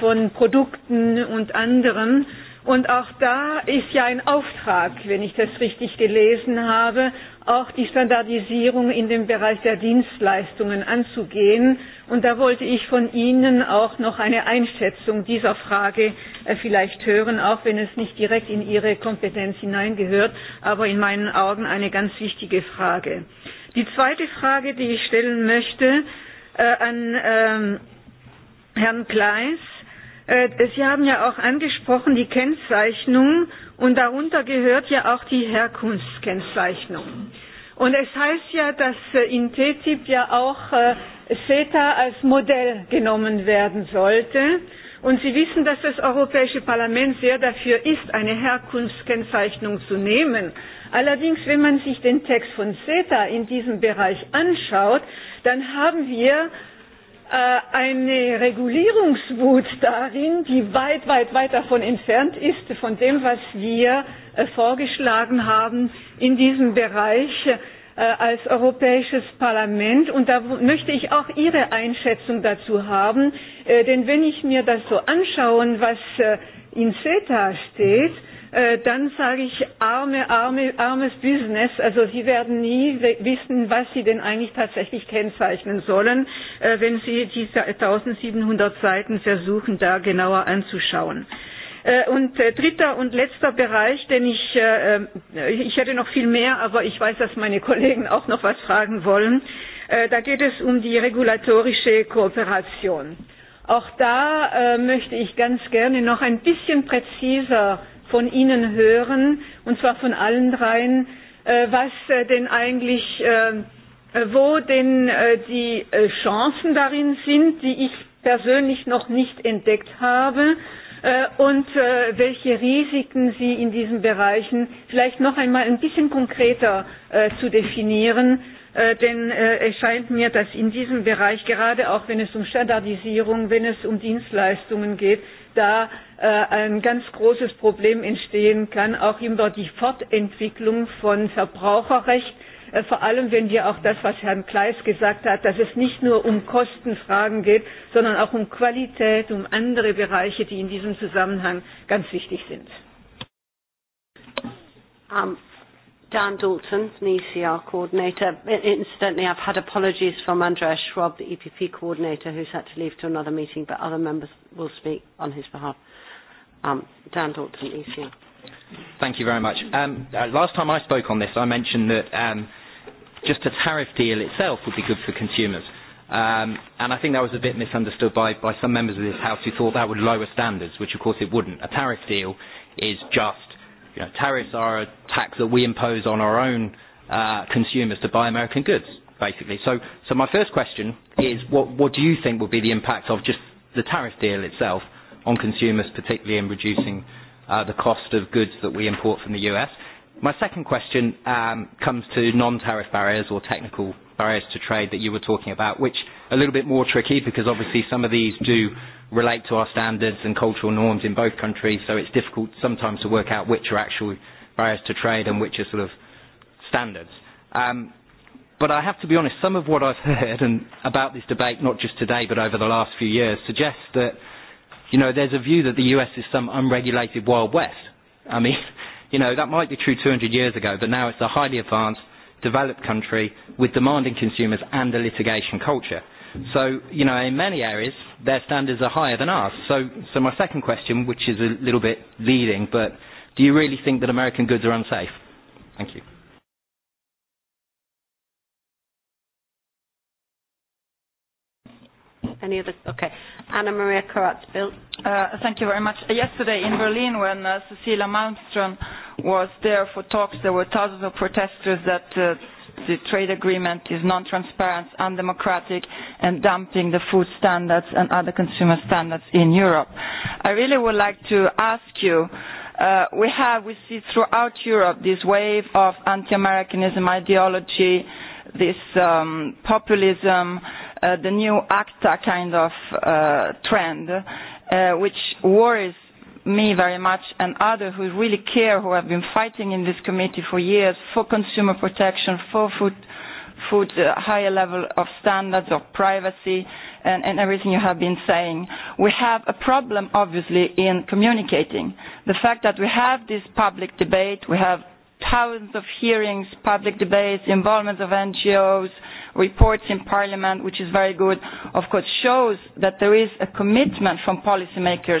von Produkten und anderen. Und auch da ist ja ein Auftrag, wenn ich das richtig gelesen habe, auch die Standardisierung in dem Bereich der Dienstleistungen anzugehen. Und da wollte ich von Ihnen auch noch eine Einschätzung dieser Frage vielleicht hören, auch wenn es nicht direkt in Ihre Kompetenz hineingehört, aber in meinen Augen eine ganz wichtige Frage. Die zweite Frage, die ich stellen möchte, an Herrn Kleis. Sie haben ja auch angesprochen die Kennzeichnung und darunter gehört ja auch die Herkunftskennzeichnung. Und es heißt ja, dass in TTIP ja auch CETA als Modell genommen werden sollte. Und Sie wissen, dass das Europäische Parlament sehr dafür ist, eine Herkunftskennzeichnung zu nehmen. Allerdings, wenn man sich den Text von CETA in diesem Bereich anschaut, dann haben wir eine Regulierungswut darin, die weit, weit, weit davon entfernt ist, von dem, was wir vorgeschlagen haben in diesem Bereich als Europäisches Parlament. Und da möchte ich auch Ihre Einschätzung dazu haben. Denn wenn ich mir das so anschaue, was in CETA steht, dann sage ich arme, arme, armes Business. Also Sie werden nie wissen, was Sie denn eigentlich tatsächlich kennzeichnen sollen, wenn Sie diese 1700 Seiten versuchen, da genauer anzuschauen. Und dritter und letzter Bereich, denn ich, ich hätte noch viel mehr, aber ich weiß, dass meine Kollegen auch noch was fragen wollen. Da geht es um die regulatorische Kooperation. Auch da möchte ich ganz gerne noch ein bisschen präziser von Ihnen hören, und zwar von allen dreien, was denn eigentlich, wo denn die Chancen darin sind, die ich persönlich noch nicht entdeckt habe, und welche Risiken Sie in diesen Bereichen vielleicht noch einmal ein bisschen konkreter zu definieren, denn es scheint mir, dass in diesem Bereich, gerade auch wenn es um Standardisierung, wenn es um Dienstleistungen geht, da ein ganz großes Problem entstehen kann, auch über die Fortentwicklung von Verbraucherrecht, vor allem wenn wir auch das, was Herrn Kleis gesagt hat, dass es nicht nur um Kostenfragen geht, sondern auch um Qualität, um andere Bereiche, die in diesem Zusammenhang ganz wichtig sind. Dan Dalton, the ECR coordinator. Incidentally, I've had apologies from Andreas Schwab, the EPP coordinator, who's had to leave to another meeting, but other members will speak on his behalf. Um, Dan Dalton, ECR. Thank you very much. Um, last time I spoke on this, I mentioned that um, just a tariff deal itself would be good for consumers. Um, and I think that was a bit misunderstood by, by some members of this House who thought that would lower standards, which of course it wouldn't. A tariff deal is just You tariffs are a tax that we impose on our own uh, consumers to buy American goods, basically. So, so my first question is, what, what do you think will be the impact of just the tariff deal itself on consumers, particularly in reducing uh, the cost of goods that we import from the US? My second question um, comes to non-tariff barriers or technical barriers to trade that you were talking about, which a little bit more tricky because obviously some of these do relate to our standards and cultural norms in both countries, so it's difficult sometimes to work out which are actual barriers to trade and which are sort of standards. Um, but I have to be honest, some of what I've heard and about this debate, not just today but over the last few years, suggests that you know, there's a view that the US is some unregulated Wild West. I mean, you know, that might be true 200 years ago, but now it's a highly advanced, developed country with demanding consumers and a litigation culture. So, you know, in many areas, their standards are higher than ours. So, so my second question, which is a little bit leading, but do you really think that American goods are unsafe? Thank you. Any other? Okay. Anna Maria karatz Uh Thank you very much. Yesterday in Berlin when Cecilia Malmström was there for talks, there were thousands of protesters that the trade agreement is non-transparent, undemocratic, and dumping the food standards and other consumer standards in Europe. I really would like to ask you, uh we have, we see throughout Europe this wave of anti-Americanism ideology, this populism, the new ACTA kind of trend, which worries me very much and others who really care, who have been fighting in this committee for years for consumer protection, for food, food higher level of standards of privacy and, and everything you have been saying. We have a problem, obviously, in communicating. The fact that we have this public debate, we have thousands of hearings, public debates, involvement of NGOs, reports in Parliament, which is very good, of course, shows that there is a commitment from policymakers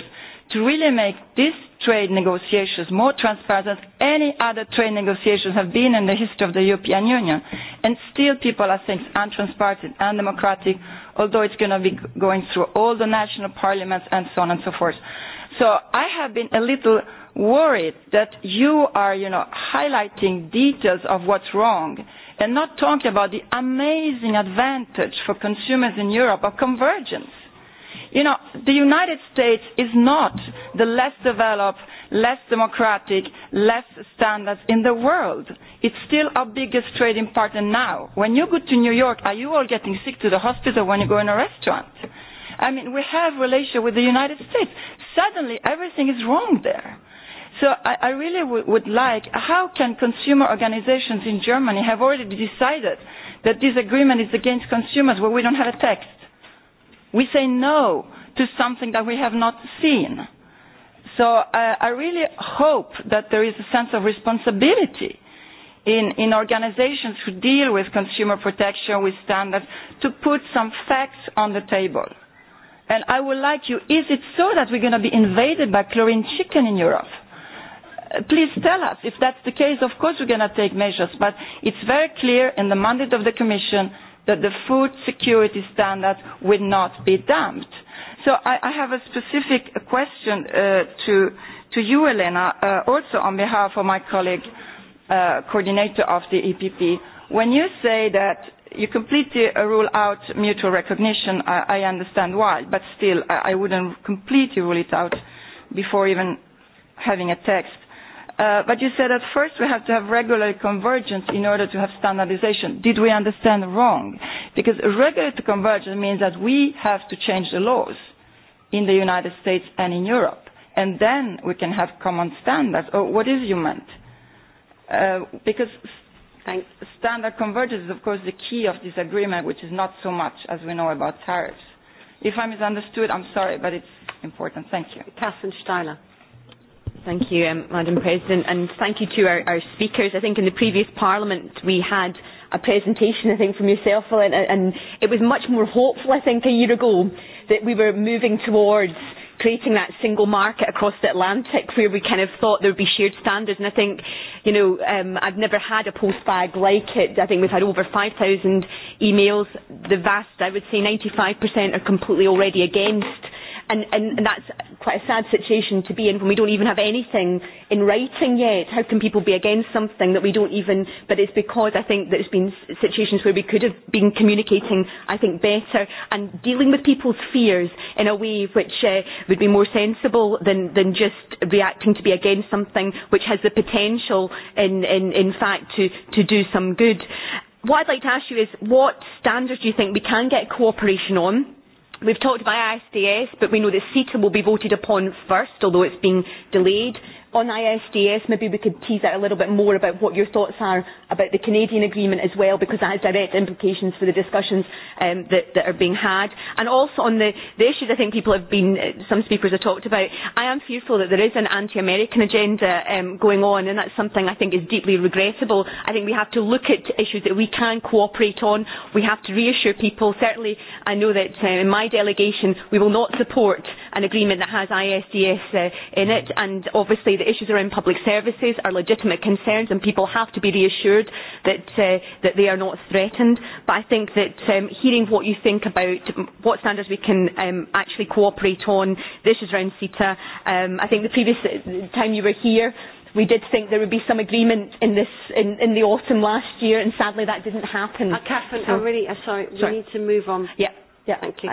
to really make these trade negotiations more transparent than any other trade negotiations have been in the history of the European Union. And still people are saying it's untransparent, undemocratic, although it's going to be going through all the national parliaments and so on and so forth. So I have been a little worried that you are, you know, highlighting details of what's wrong and not talking about the amazing advantage for consumers in Europe of convergence. You know, the United States is not the less developed, less democratic, less standards in the world. It's still our biggest trading partner now. When you go to New York, are you all getting sick to the hospital when you go in a restaurant? I mean, we have relationship with the United States. Suddenly, everything is wrong there. So I really would like, how can consumer organizations in Germany have already decided that this agreement is against consumers where we don't have a text? We say no to something that we have not seen. So I really hope that there is a sense of responsibility in in organizations who deal with consumer protection, with standards, to put some facts on the table. And I would like you, is it so that we're going to be invaded by chlorine chicken in Europe? Please tell us. If that's the case, of course we're going to take measures. But it's very clear in the mandate of the Commission that the food security standards will not be dumped. So I have a specific question to you, Elena, also on behalf of my colleague, coordinator of the EPP. When you say that you completely rule out mutual recognition, I understand why, but still I wouldn't completely rule it out before even having a text. But you said at first we have to have regular convergence in order to have standardization. Did we understand wrong? Because regular convergence means that we have to change the laws in the United States and in Europe, and then we can have common standards. what is you meant? Because standard convergence is, of course, the key of this agreement, which is not so much as we know about tariffs. If I misunderstood, I'm sorry, but it's important. Thank you. Thank you, Madam President, and thank you to our, our speakers. I think in the previous Parliament we had a presentation, I think, from yourself, and, and it was much more hopeful, I think, a year ago that we were moving towards creating that single market across the Atlantic where we kind of thought there would be shared standards. And I think, you know, um, I've never had a post bag like it. I think we've had over 5,000 emails. The vast, I would say 95% are completely already against. And, and, and that's quite a sad situation to be in when we don't even have anything in writing yet. How can people be against something that we don't even, but it's because I think there's been situations where we could have been communicating, I think, better and dealing with people's fears in a way which would be more sensible than, than just reacting to be against something which has the potential, in, in, in fact, to, to do some good. What I'd like to ask you is what standards do you think we can get cooperation on? We've talked about ISDS, but we know that CETA will be voted upon first, although it's being delayed on ISDS, maybe we could tease out a little bit more about what your thoughts are about the Canadian agreement as well, because that has direct implications for the discussions that are being had. And also on the issues I think people have been, some speakers have talked about, I am fearful that there is an anti-American agenda going on, and that's something I think is deeply regrettable. I think we have to look at issues that we can cooperate on. We have to reassure people. Certainly, I know that in my delegation, we will not support an agreement that has ISDS in it, and obviously issues around public services are legitimate concerns and people have to be reassured that that they are not threatened. But I think that hearing what you think about what standards we can actually cooperate on, this is around CETA. I think the previous time you were here we did think there would be some agreement in this in, in the autumn last year, and sadly that didn't happen. Catherine, I'm really sorry. We need to move on. Yeah, yeah. Thank you.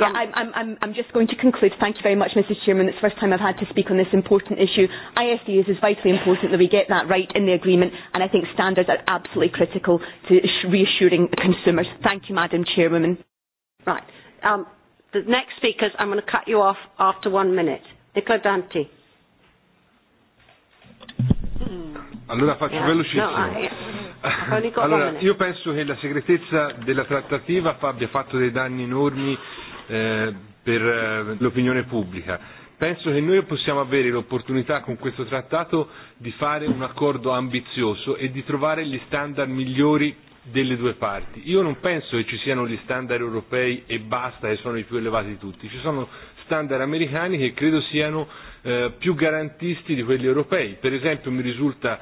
Yeah, I'm, I'm, I'm, I'm just going to conclude. Thank you very much, Mrs. Chairman. It's the first time I've had to speak on this important issue. ISDS is vitally important that we get that right in the agreement, and I think standards are absolutely critical to reassuring the consumers. Thank you, Madam Chairwoman. Right. Um, the next speakers, I'm going to cut you off after one minute. Nicola Dante. Allora faccio yeah. velocissimo. No, Allora, io penso che la segretezza della trattativa abbia fatto dei danni enormi per l'opinione pubblica. Penso che noi possiamo avere l'opportunità con questo trattato di fare un accordo ambizioso e di trovare gli standard migliori delle due parti. Io non penso che ci siano gli standard europei e basta che sono i più elevati di tutti, ci sono standard americani che credo siano più garantisti di quelli europei. Per esempio mi risulta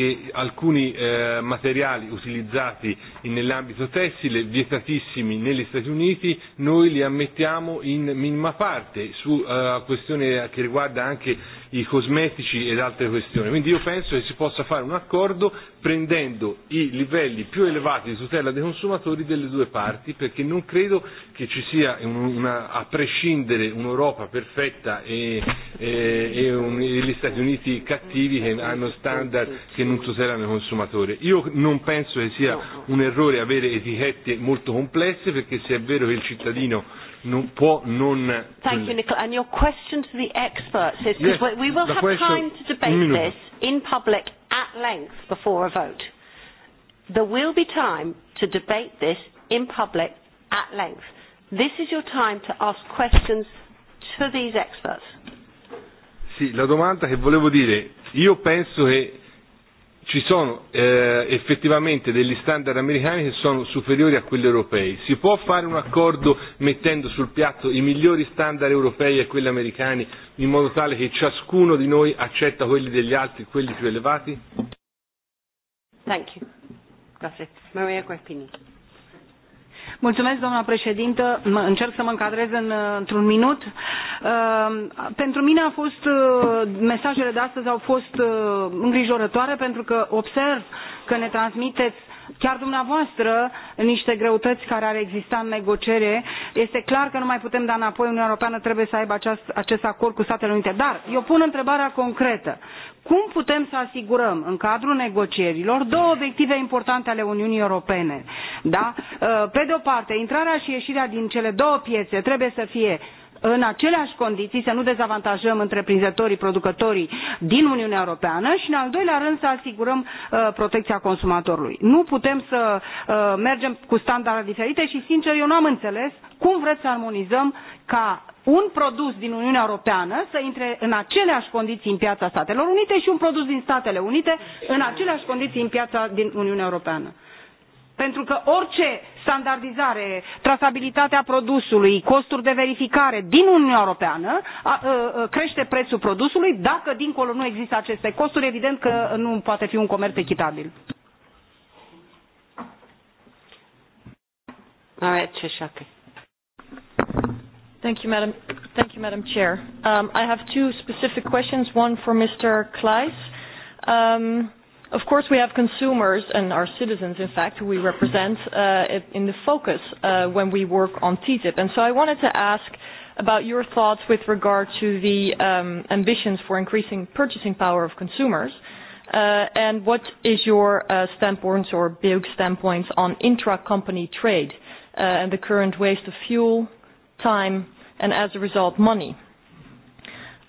che alcuni materiali utilizzati nell'ambito tessile, vietatissimi negli Stati Uniti, noi li ammettiamo in minima parte su questione che riguarda anche i cosmetici ed altre questioni. Quindi io penso che si possa fare un accordo prendendo i livelli più elevati di tutela dei consumatori delle due parti, perché non credo che ci sia una, a prescindere un'Europa perfetta e, e, e, gli Stati Uniti cattivi che hanno standard che non tutelano i consumatori. Io non penso che sia un errore avere etichette molto complesse perché se è vero che il cittadino non può non Thank you Nicola and your question to the experts is yes, we will have time to debate this in public at length before a vote. There will be time to debate this in public at length. This is your time to ask questions to these experts. Sì, la domanda che volevo dire, io penso che ci sono effettivamente degli standard americani che sono superiori a quelli europei. Si può fare un accordo mettendo sul piatto i migliori standard europei e quelli americani in modo tale che ciascuno di noi accetta quelli degli altri, quelli più elevati? Thank you. Grazie. Maria Guerpini. Mulțumesc, doamna președintă. Încerc să mă încadrez în, într-un minut. Pentru mine a fost, mesajele de astăzi au fost îngrijorătoare pentru că observ că ne transmiteți chiar dumneavoastră niște greutăți care ar exista în negociere. Este clar că nu mai putem da înapoi. Uniunea Europeană trebuie să aibă acest, acest acord cu Statele Unite. Dar eu pun întrebarea concretă. Cum putem să asigurăm în cadrul negocierilor două obiective importante ale Uniunii Europene? Da? Pe de o parte, intrarea și ieșirea din cele două piețe trebuie să fie în aceleași condiții, să nu dezavantajăm întreprinzătorii, producătorii din Uniunea Europeană și, în al doilea rând, să asigurăm protecția consumatorului. Nu putem să mergem cu standarde diferite și, sincer, eu nu am înțeles cum vreți să armonizăm ca un produs din Uniunea Europeană să intre în aceleași condiții în piața Statelor Unite și un produs din Statele Unite în aceleași condiții în piața din Uniunea Europeană pentru că orice standardizare, trasabilitatea produsului, costuri de verificare din Uniunea Europeană crește prețul produsului. Dacă dincolo nu există aceste costuri, evident că nu poate fi un comerț echitabil. Thank you, Madam, thank you, Madam Chair. Um, I have two specific questions, one for Mr. Kleiss. Um, Of course, we have consumers and our citizens, in fact, who we represent in the focus when we work on TTIP. And so I wanted to ask about your thoughts with regard to the ambitions for increasing purchasing power of consumers, and what is your standpoint or big standpoint on intra-company trade and the current waste of fuel, time, and as a result, money.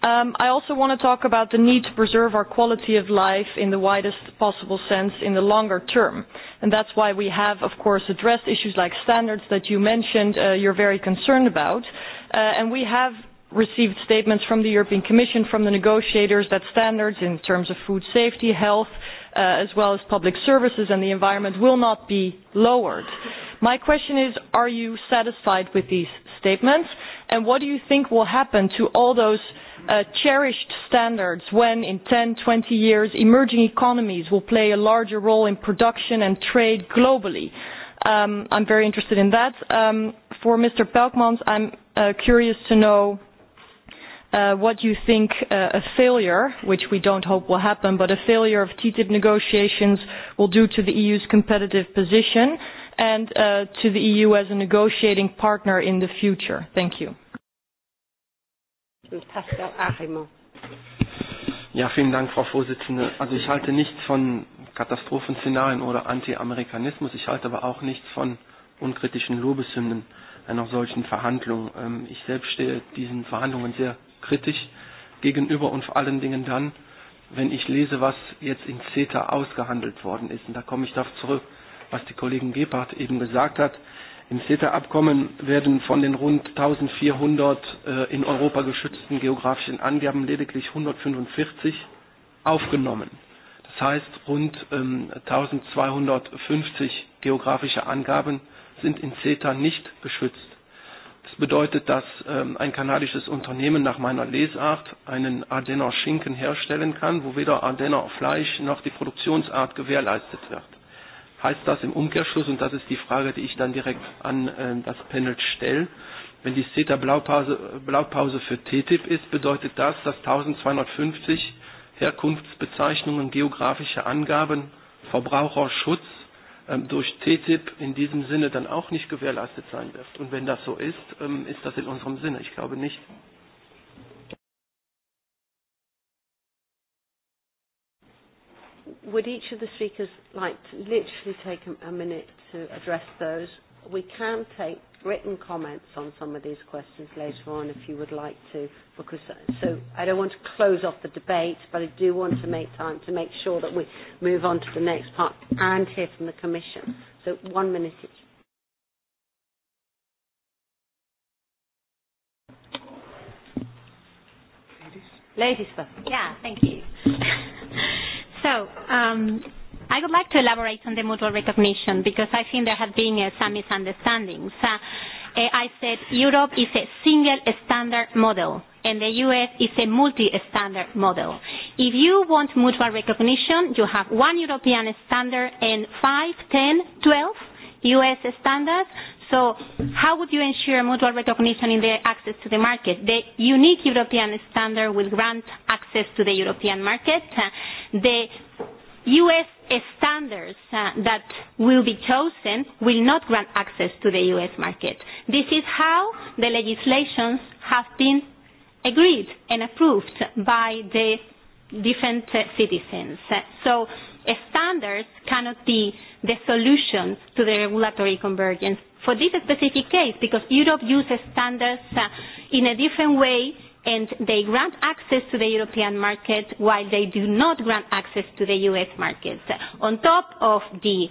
I also want to talk about the need to preserve our quality of life in the widest possible sense in the longer term. And that's why we have, of course, addressed issues like standards that you mentioned you're very concerned about. And we have received statements from the European Commission, from the negotiators, that standards in terms of food safety, health, as well as public services and the environment will not be lowered. My question is, are you satisfied with these statements? and what do you think will happen to all those cherished standards when in 10 20 years emerging economies will play a larger role in production and trade globally um i'm very interested in that um for mr pelkmans i'm curious to know what you think a failure which we don't hope will happen but a failure of ttip negotiations will do to the eu's competitive position and to the EU as a negotiating partner in the future. Thank you. Ja, vielen Dank, Frau Vorsitzende. Also ich halte nichts von Katastrophenszenarien oder Anti-Amerikanismus. Ich halte aber auch nichts von unkritischen Lobeshymnen einer solchen Verhandlung. Ich selbst stehe diesen Verhandlungen sehr kritisch gegenüber und vor allen Dingen dann, wenn ich lese, was jetzt in CETA ausgehandelt worden ist. Und da komme ich darauf zurück, was die Kollegin Gebhardt eben gesagt hat. Im CETA-Abkommen werden von den rund 1400 in Europa geschützten geografischen Angaben lediglich 145 aufgenommen. Das heißt, rund 1250 geografische Angaben sind in CETA nicht geschützt. Das bedeutet, dass ein kanadisches Unternehmen nach meiner Lesart einen Ardenner Schinken herstellen kann, wo weder Ardenner Fleisch noch die Produktionsart gewährleistet wird heißt das im Umkehrschluss, und das ist die Frage, die ich dann direkt an das Panel stelle, wenn die CETA-Blaupause Blaupause für TTIP ist, bedeutet das, dass 1250 Herkunftsbezeichnungen, geografische Angaben, Verbraucherschutz durch TTIP in diesem Sinne dann auch nicht gewährleistet sein wird. Und wenn das so ist, ist das in unserem Sinne. Ich glaube nicht. would each of the speakers like to literally take a minute to address those? We can take written comments on some of these questions later on if you would like to, because so I don't want to close off the debate, but I do want to make time to make sure that we move on to the next part and hear from the Commission. So one minute each. Ladies first. Yeah, thank you. So, um, I would like to elaborate on the mutual recognition because I think there have been some misunderstandings. I said Europe is a single standard model and the US is a multi-standard model. If you want mutual recognition, you have one European standard and five, ten, twelve US standards So how would you ensure mutual recognition in the access to the market? The unique European standard will grant access to the European market. The U.S. standards that will be chosen will not grant access to the U.S. market. This is how the legislations have been agreed and approved by the different citizens. So standards cannot be the solution to the regulatory convergence. For this specific case, because Europe uses standards in a different way and they grant access to the European market while they do not grant access to the US market. On top of the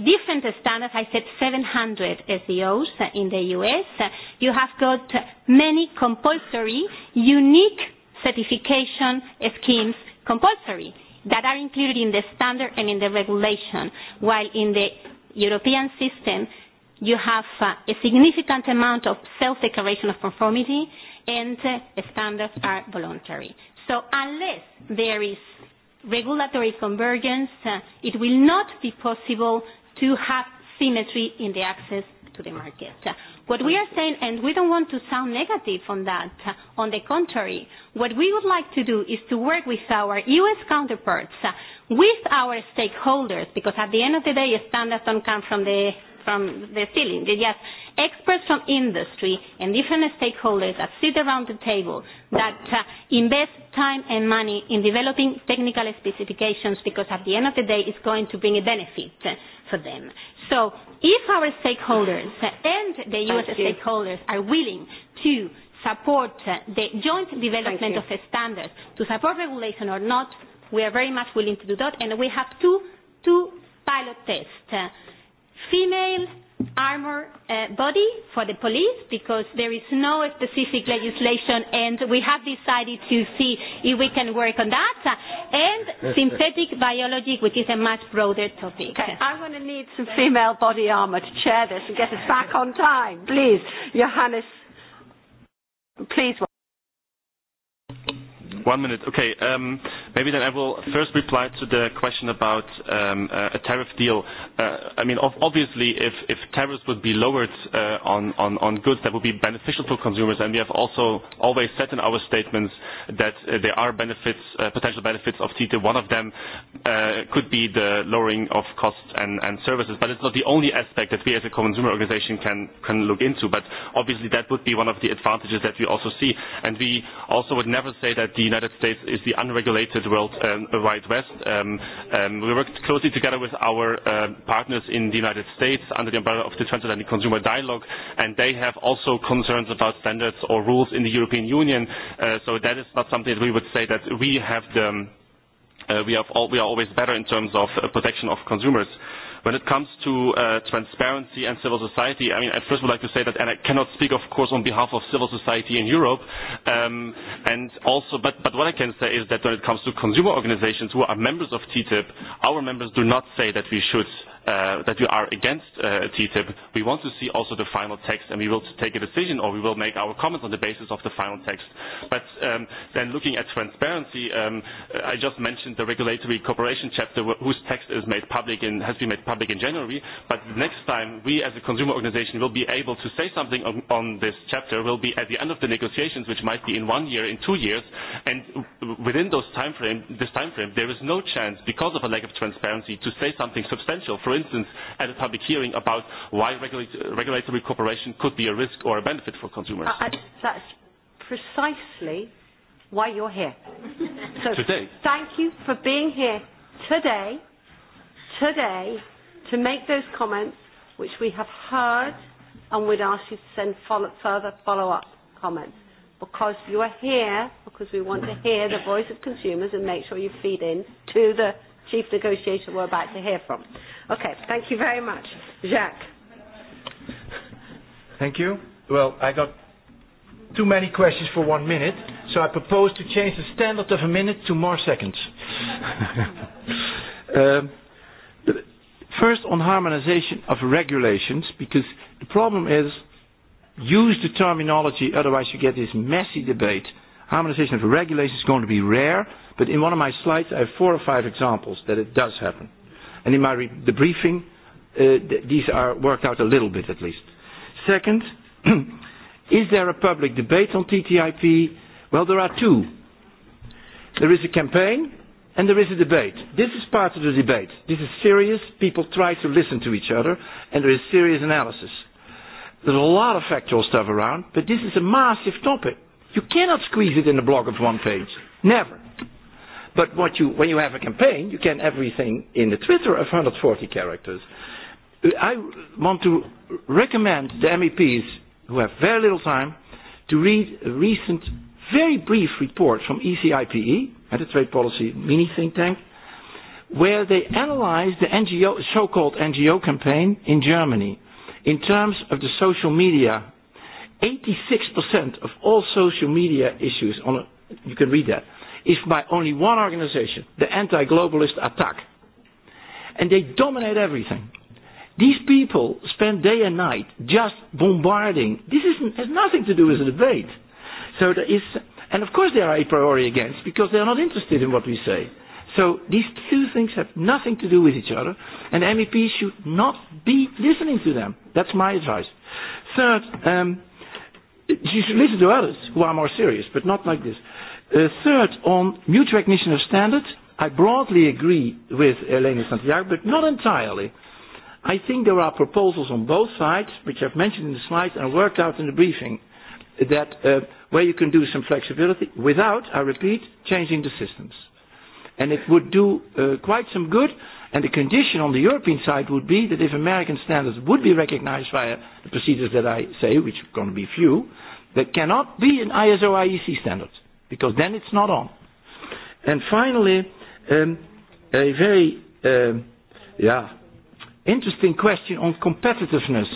different standards, I said 700 SEOs in the US, you have got many compulsory, unique certification schemes compulsory that are included in the standard and in the regulation, while in the European system you have a significant amount of self-declaration of conformity and standards are voluntary. So unless there is regulatory convergence, it will not be possible to have symmetry in the access to the market. What we are saying, and we don't want to sound negative on that, on the contrary, what we would like to do is to work with our U.S. counterparts, with our stakeholders, because at the end of the day, standards don't come from the from the ceiling. They just experts from industry and different stakeholders that sit around the table that invest time and money in developing technical specifications because at the end of the day it's going to bring a benefit for them. So if our stakeholders and the US stakeholders are willing to support the joint development of standards, to support regulation or not, we are very much willing to do that and we have two, two pilot tests female armor body for the police because there is no specific legislation and we have decided to see if we can work on that and synthetic biology which is a much broader topic. I'm going to need some female body armor to chair this and get us back on time. Please, Johannes, please. One minute. Okay. Um, Maybe then I will first reply to the question about a tariff deal. I mean, obviously, if tariffs would be lowered on goods, that would be beneficial for consumers. And we have also always said in our statements that there are benefits, potential benefits of TTIP. One of them could be the lowering of costs and services. But it's not the only aspect that we as a consumer organization can look into. But obviously, that would be one of the advantages that we also see. And we also would never say that the United States is the unregulated the World Wide West. We worked closely together with our partners in the United States under the umbrella of the Transatlantic Consumer Dialogue, and they have also concerns about standards or rules in the European Union. So that is not something that we would say that we have the we are always better in terms of protection of consumers. When it comes to transparency and civil society, I mean, I first would like to say that, and I cannot speak, of course, on behalf of civil society in Europe, and also, but but what I can say is that when it comes to consumer organizations who are members of TTIP, our members do not say that we should that you are against TTIP. We want to see also the final text, and we will take a decision or we will make our comments on the basis of the final text. But then looking at transparency, I just mentioned the regulatory cooperation chapter whose text is made public and has been made public in January. But next time we as a consumer organization will be able to say something on this chapter will be at the end of the negotiations, which might be in one year, in two years. And within those time frame, this time frame, there is no chance because of a lack of transparency to say something substantial instance, at a public hearing about why regulatory cooperation could be a risk or a benefit for consumers. That's precisely why you're here. So today. Thank you for being here today, today, to make those comments which we have heard and we'd ask you to send follow, further follow-up comments because you are here because we want to hear the voice of consumers and make sure you feed in to the chief negotiator we're about to hear from. Okay, thank you very much. Jacques. Thank you. Well, I got too many questions for one minute, so I propose to change the standard of a minute to more seconds. um, first, on harmonization of regulations, because the problem is use the terminology, otherwise you get this messy debate Harmonization of regulations is going to be rare, but in one of my slides I have four or five examples that it does happen. And in my the briefing, these are worked out a little bit at least. Second, is there a public debate on TTIP? Well, there are two. There is a campaign and there is a debate. This is part of the debate. This is serious. People try to listen to each other and there is serious analysis. There's a lot of factual stuff around, but this is a massive topic. You cannot squeeze it in a blog of one page. Never. But what you, when you have a campaign, you can everything in the Twitter of 140 characters. I want to recommend the MEPs who have very little time to read a recent, very brief report from ECIPE, at the Trade Policy Mini Think Tank, where they analyze the NGO, so-called NGO campaign in Germany in terms of the social media 86% of all social media issues, on you can read that, is by only one organization, the anti-globalist attack. And they dominate everything. These people spend day and night just bombarding. This isn't, has nothing to do with the debate. So there is, and of course they are a priori against because they are not interested in what we say. So these two things have nothing to do with each other, and MEPs should not be listening to them. That's my advice. Third, um, you should listen to others who are more serious, but not like this. Third, on mutual recognition of standards, I broadly agree with Elena Santiago, but not entirely. I think there are proposals on both sides, which I've mentioned in the slides and worked out in the briefing, that where you can do some flexibility without, I repeat, changing the systems. And it would do quite some good And the condition on the European side would be that if American standards would be recognized via the procedures that I say, which are going to be few, there cannot be an ISO IEC standard, because then it's not on. And finally, um, a very um, yeah, interesting question on competitiveness.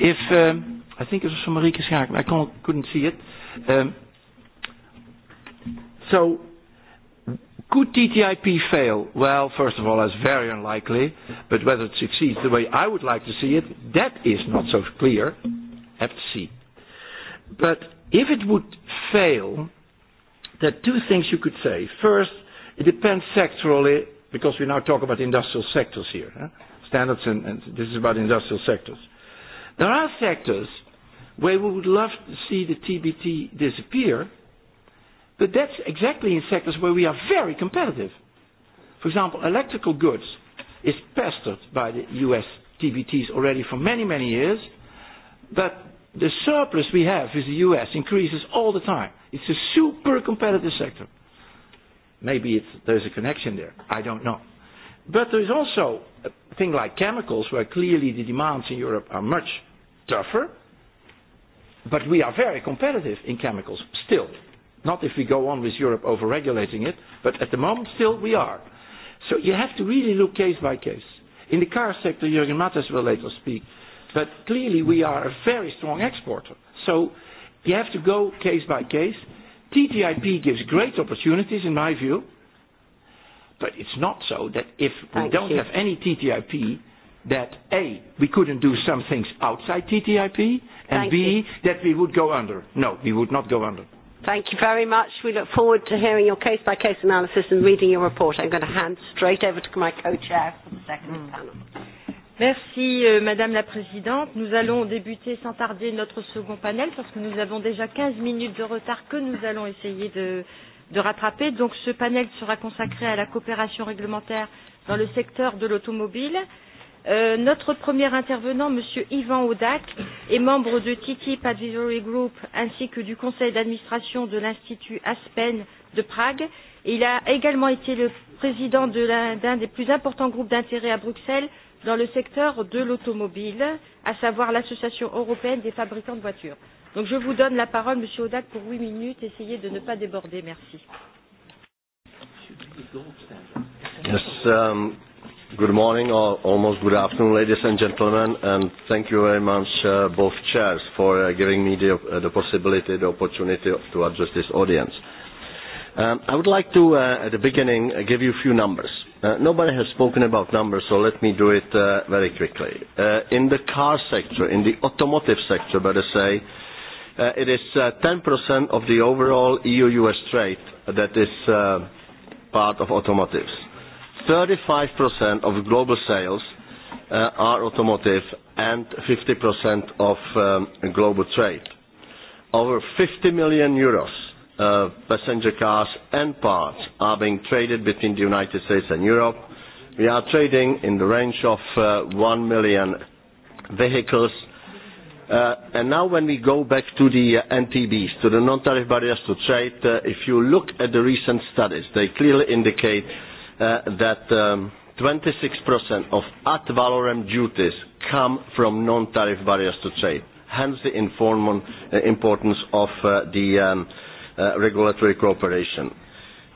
If um, I think it was from Marieke Schaak, I couldn't see it. Um, so Could TTIP fail? Well, first of all, that's very unlikely. But whether it succeeds the way I would like to see it, that is not so clear. Have to see. But if it would fail, there are two things you could say. First, it depends sectorally, because we now talk about industrial sectors here. Standards and, and this is about industrial sectors. There are sectors where we would love to see the TBT disappear, But that's exactly in sectors where we are very competitive. For example, electrical goods is pestered by the US TBTs already for many, many years, but the surplus we have with the US increases all the time. It's a super competitive sector. Maybe it's, there's a connection there. I don't know. But there is also a thing like chemicals where clearly the demands in Europe are much tougher, but we are very competitive in chemicals still. Not if we go on with Europe over-regulating it, but at the moment still we are. So you have to really look case by case. In the car sector, Jürgen Mattes will later speak, but clearly we are a very strong exporter. So you have to go case by case. TTIP gives great opportunities in my view, but it's not so that if we don't have any TTIP, that A, we couldn't do some things outside TTIP, and B, that we would go under. No, we would not go under. Thank you very much. We look forward to hearing your case by case analysis and reading your report. I'm going to hand straight over to my co-chair for the second panel. Merci euh, Madame la Présidente. Nous allons débuter sans tarder notre second panel parce que nous avons déjà 15 minutes de retard que nous allons essayer de, de rattraper. Donc ce panel sera consacré à la coopération réglementaire dans le secteur de l'automobile. Euh, Notre premier intervenant, M. Ivan Audac, est membre de TTIP Advisory Group ainsi que du conseil d'administration de l'Institut Aspen de Prague. Il a également été le président d'un des plus importants groupes d'intérêt à Bruxelles dans le secteur de l'automobile, à savoir l'Association européenne des fabricants de voitures. Donc je vous donne la parole, Monsieur Audac, pour huit minutes. Essayez de ne pas déborder. Merci. Good morning or almost good afternoon, ladies and gentlemen, and thank you very much both chairs for giving me the, uh, the possibility, the opportunity to address this audience. Um, I would like to, uh, at the beginning, uh, give you a few numbers. Uh, nobody has spoken about numbers, so let me do it uh, very quickly. Uh, in the car sector, in the automotive sector, better say, uh, it is uh, 10% of the overall EU-US trade that is uh, part of automotives. 35% of global sales are automotive and 50% of global trade. Over 50 million euros passenger cars and parts are being traded between the United States and Europe. We are trading in the range of 1 million vehicles. And now when we go back to the NTBs, to the non-tariff barriers to trade, if you look at the recent studies, they clearly indicate that 26% of ad valorem duties come from non-tariff barriers to trade, hence the importance of the regulatory cooperation.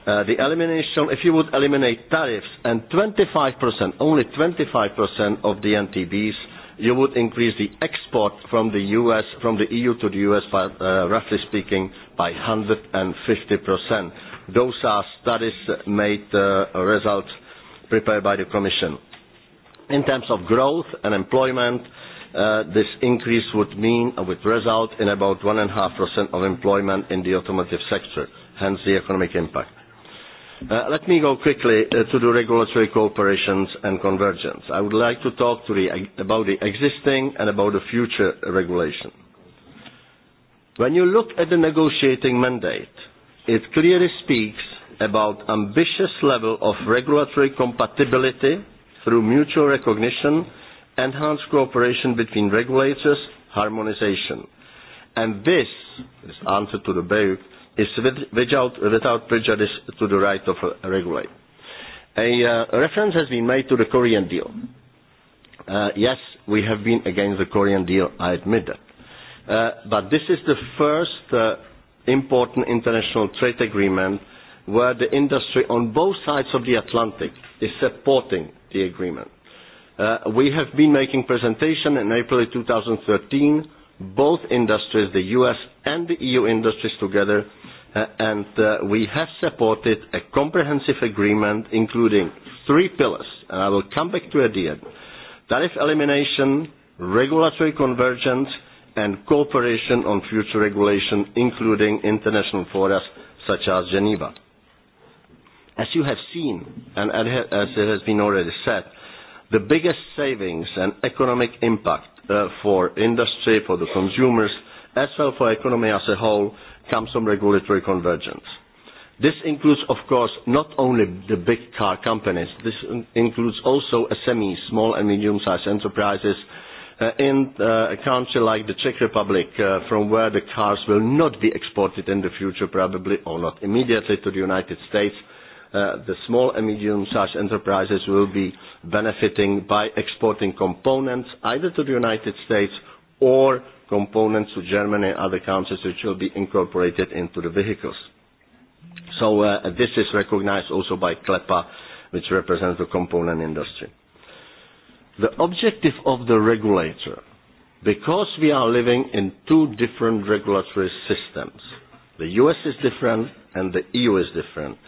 The elimination, if you would eliminate tariffs and 25%, only 25% of the NTBs, you would increase the export from the US, from the EU to the US, roughly speaking, by 150%. Those are studies made results prepared by the Commission. In terms of growth and employment, this increase would mean would result in about 1.5% of employment in the automotive sector, hence the economic impact. Let me go quickly to the regulatory cooperation and convergence. I would like to talk about the existing and about the future regulation. When you look at the negotiating mandate, It clearly speaks about ambitious level of regulatory compatibility through mutual recognition, enhanced cooperation between regulators, harmonization. And this, this answer to the BEUC, is without, without prejudice to the right of a regulator. A reference has been made to the Korean deal. Yes, we have been against the Korean deal, I admit that. But this is the first important international trade agreement where the industry on both sides of the Atlantic is supporting the agreement. We have been making presentation in April 2013, both industries, the US and the EU industries together, and we have supported a comprehensive agreement including three pillars, and I will come back to at the end. Tariff elimination, regulatory convergence, and cooperation on future regulation, including international forums such as Geneva. As you have seen, and as it has been already said, the biggest savings and economic impact for industry, for the consumers, as well for economy as a whole, comes from regulatory convergence. This includes, of course, not only the big car companies. This includes also SMEs, small and medium-sized enterprises, in a country like the Czech Republic, from where the cars will not be exported in the future, probably, or not immediately to the United States, the small and medium-sized enterprises will be benefiting by exporting components either to the United States or components to Germany and other countries which will be incorporated into the vehicles. So this is recognized also by CLEPA, which represents the component industry. The objective of the regulator, because we are living in two different regulatory systems, the US is different and the EU is different,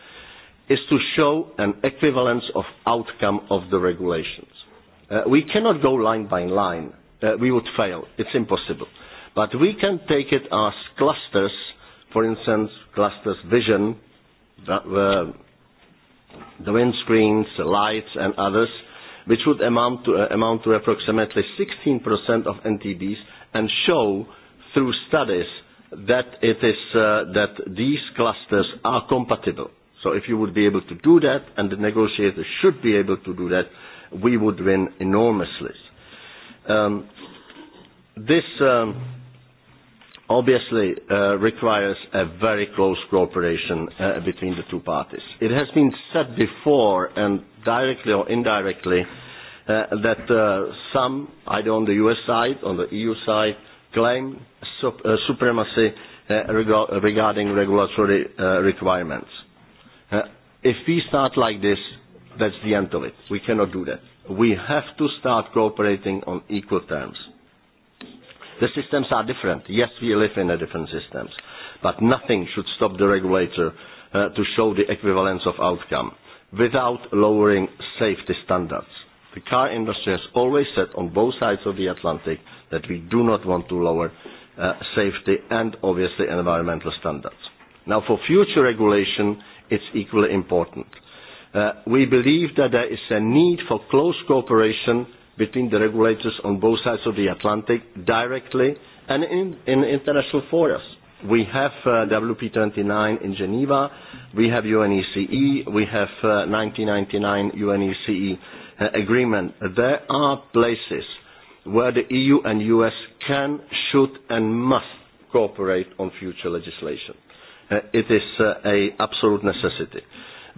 is to show an equivalence of outcome of the regulations. We cannot go line by line. We would fail. It's impossible. But we can take it as clusters, for instance, clusters vision, the windscreens, lights and others, which would amount to, amount to approximately 16% of NTBs and show through studies that it is that these clusters are compatible. So if you would be able to do that, and the negotiators should be able to do that, we would win enormously. This obviously requires a very close cooperation between the two parties. It has been said before, and directly or indirectly, that some, either on the U.S. side, on the EU side, claim supremacy regarding regulatory requirements. If we start like this, that's the end of it. We cannot do that. We have to start cooperating on equal terms. The systems are different. Yes, we live in a different systems, but nothing should stop the regulator to show the equivalence of outcome without lowering safety standards. The car industry has always said on both sides of the Atlantic that we do not want to lower safety and obviously environmental standards. Now for future regulation it's equally important. We believe that there is a need for close cooperation between the regulators on both sides of the Atlantic directly and in, in international forums. We have WP29 in Geneva, we have UNECE, we have 1999 UNECE agreement. There are places where the EU and US can, should and must cooperate on future legislation. It is an absolute necessity.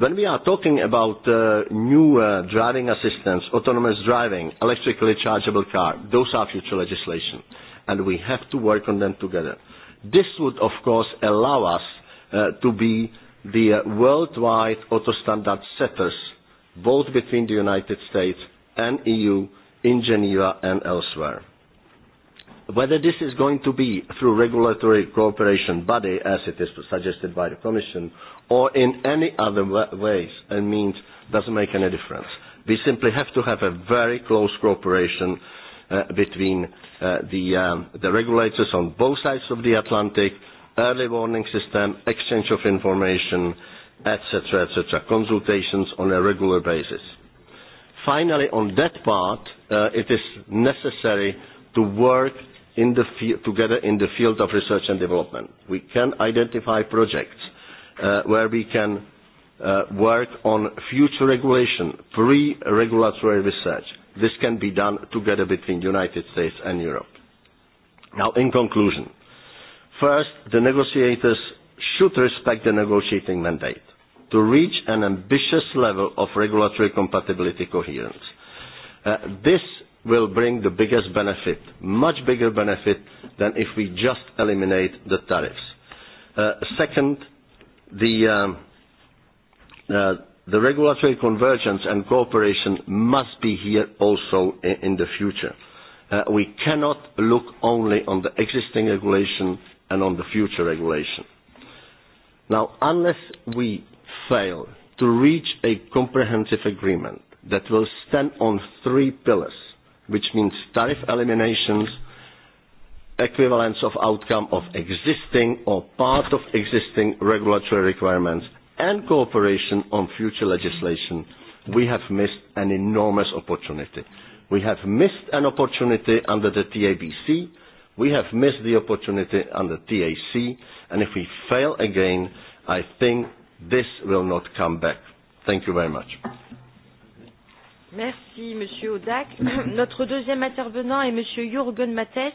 When we are talking about new driving assistance, autonomous driving, electrically chargeable car, those are future legislation, and we have to work on them together. This would, of course, allow us to be the worldwide auto standard setters, both between the United States and EU, in Geneva and elsewhere. Whether this is going to be through regulatory cooperation body, as it is suggested by the Commission, or in any other ways and means, doesn't make any difference. We simply have to have a very close cooperation between the regulators on both sides of the Atlantic, early warning system, exchange of information, etc., etc., consultations on a regular basis. Finally, on that part, it is necessary to work in the together in the field of research and development. We can identify projects where we can work on future regulation, pre-regulatory research. This can be done together between the United States and Europe. Now, in conclusion, first, the negotiators should respect the negotiating mandate to reach an ambitious level of regulatory compatibility coherence. This will bring the biggest benefit, much bigger benefit than if we just eliminate the tariffs. Second, the regulatory convergence and cooperation must be here also in the future. We cannot look only on the existing regulation and on the future regulation. Now, unless we fail to reach a comprehensive agreement that will stand on three pillars, which means tariff eliminations, equivalence of outcome of existing or part of existing regulatory requirements, and cooperation on future legislation, we have missed an enormous opportunity. We have missed an opportunity under the TABC, we have missed the opportunity under TAC, and if we fail again, I think this will not come back. Thank you very much. Merci, Monsieur Audac. Notre deuxième intervenant est Monsieur Jürgen Mattes,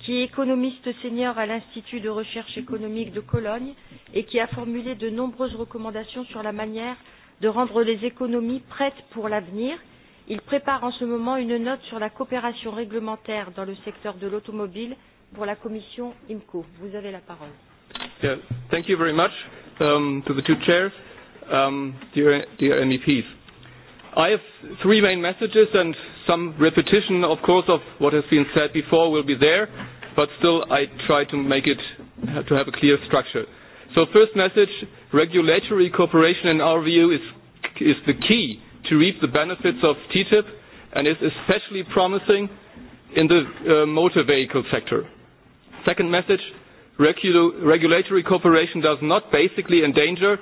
qui est économiste senior à l'Institut de recherche économique de Cologne et qui a formulé de nombreuses recommandations sur la manière de rendre les économies prêtes pour l'avenir. Il prépare en ce moment une note sur la coopération réglementaire dans le secteur de l'automobile pour la commission IMCO. Vous avez la parole. Thank you very much to the two chairs, dear MEPs. I have three main messages and some repetition, of course, of what has been said before will be there, but still I try to make it to have a clear structure. So first message, regulatory cooperation in our view is, is the key to reap the benefits of TTIP and is especially promising in the motor vehicle sector. Second message, regulatory cooperation does not basically endanger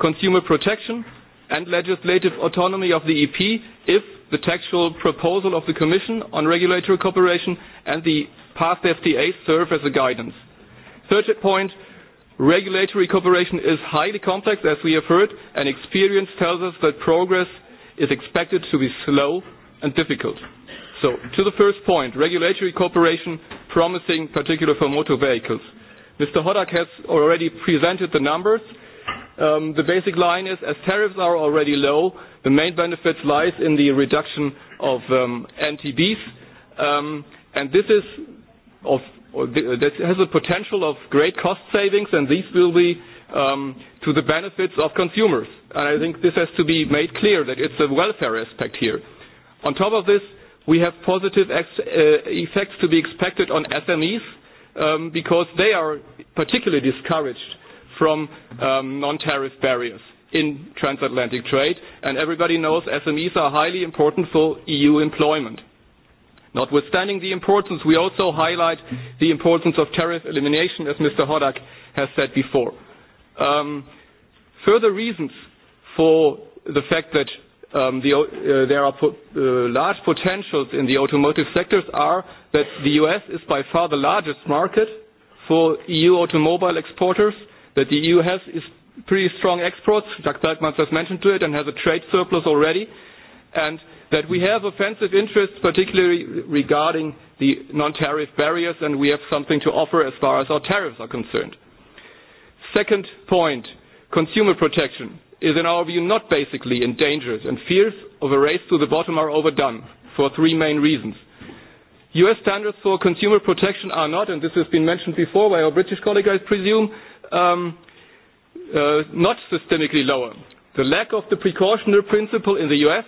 consumer protection and legislative autonomy of the EP if the textual proposal of the Commission on regulatory cooperation and the past FTA serve as a guidance. Third point, regulatory cooperation is highly complex, as we have heard, and experience tells us that progress is expected to be slow and difficult. So, to the first point, regulatory cooperation promising, particular for motor vehicles. Mr. Hodak has already presented the numbers. The basic line is, as tariffs are already low, the main benefit lies in the reduction of NTBs, and this is of this has a potential of great cost savings, and these will be to the benefits of consumers. And I think this has to be made clear that it's a welfare aspect here. On top of this, we have positive effects to be expected on SMEs because they are particularly discouraged from non-tariff barriers in transatlantic trade. And everybody knows SMEs are highly important for EU employment. Notwithstanding the importance, we also highlight the importance of tariff elimination, as Mr. Hodak has said before. Further reasons for the fact that there are large potentials in the automotive sectors are that the US is by far the largest market for EU automobile exporters that the EU has is pretty strong exports, Jacques Bergmann has mentioned to it, and has a trade surplus already, and that we have offensive interests, particularly regarding the non-tariff barriers, and we have something to offer as far as our tariffs are concerned. Second point, consumer protection is in our view not basically in danger, and fears of a race to the bottom are overdone for three main reasons. US standards for consumer protection are not, and this has been mentioned before by our British colleague, I presume, not systemically lower. The lack of the precautionary principle in the U.S.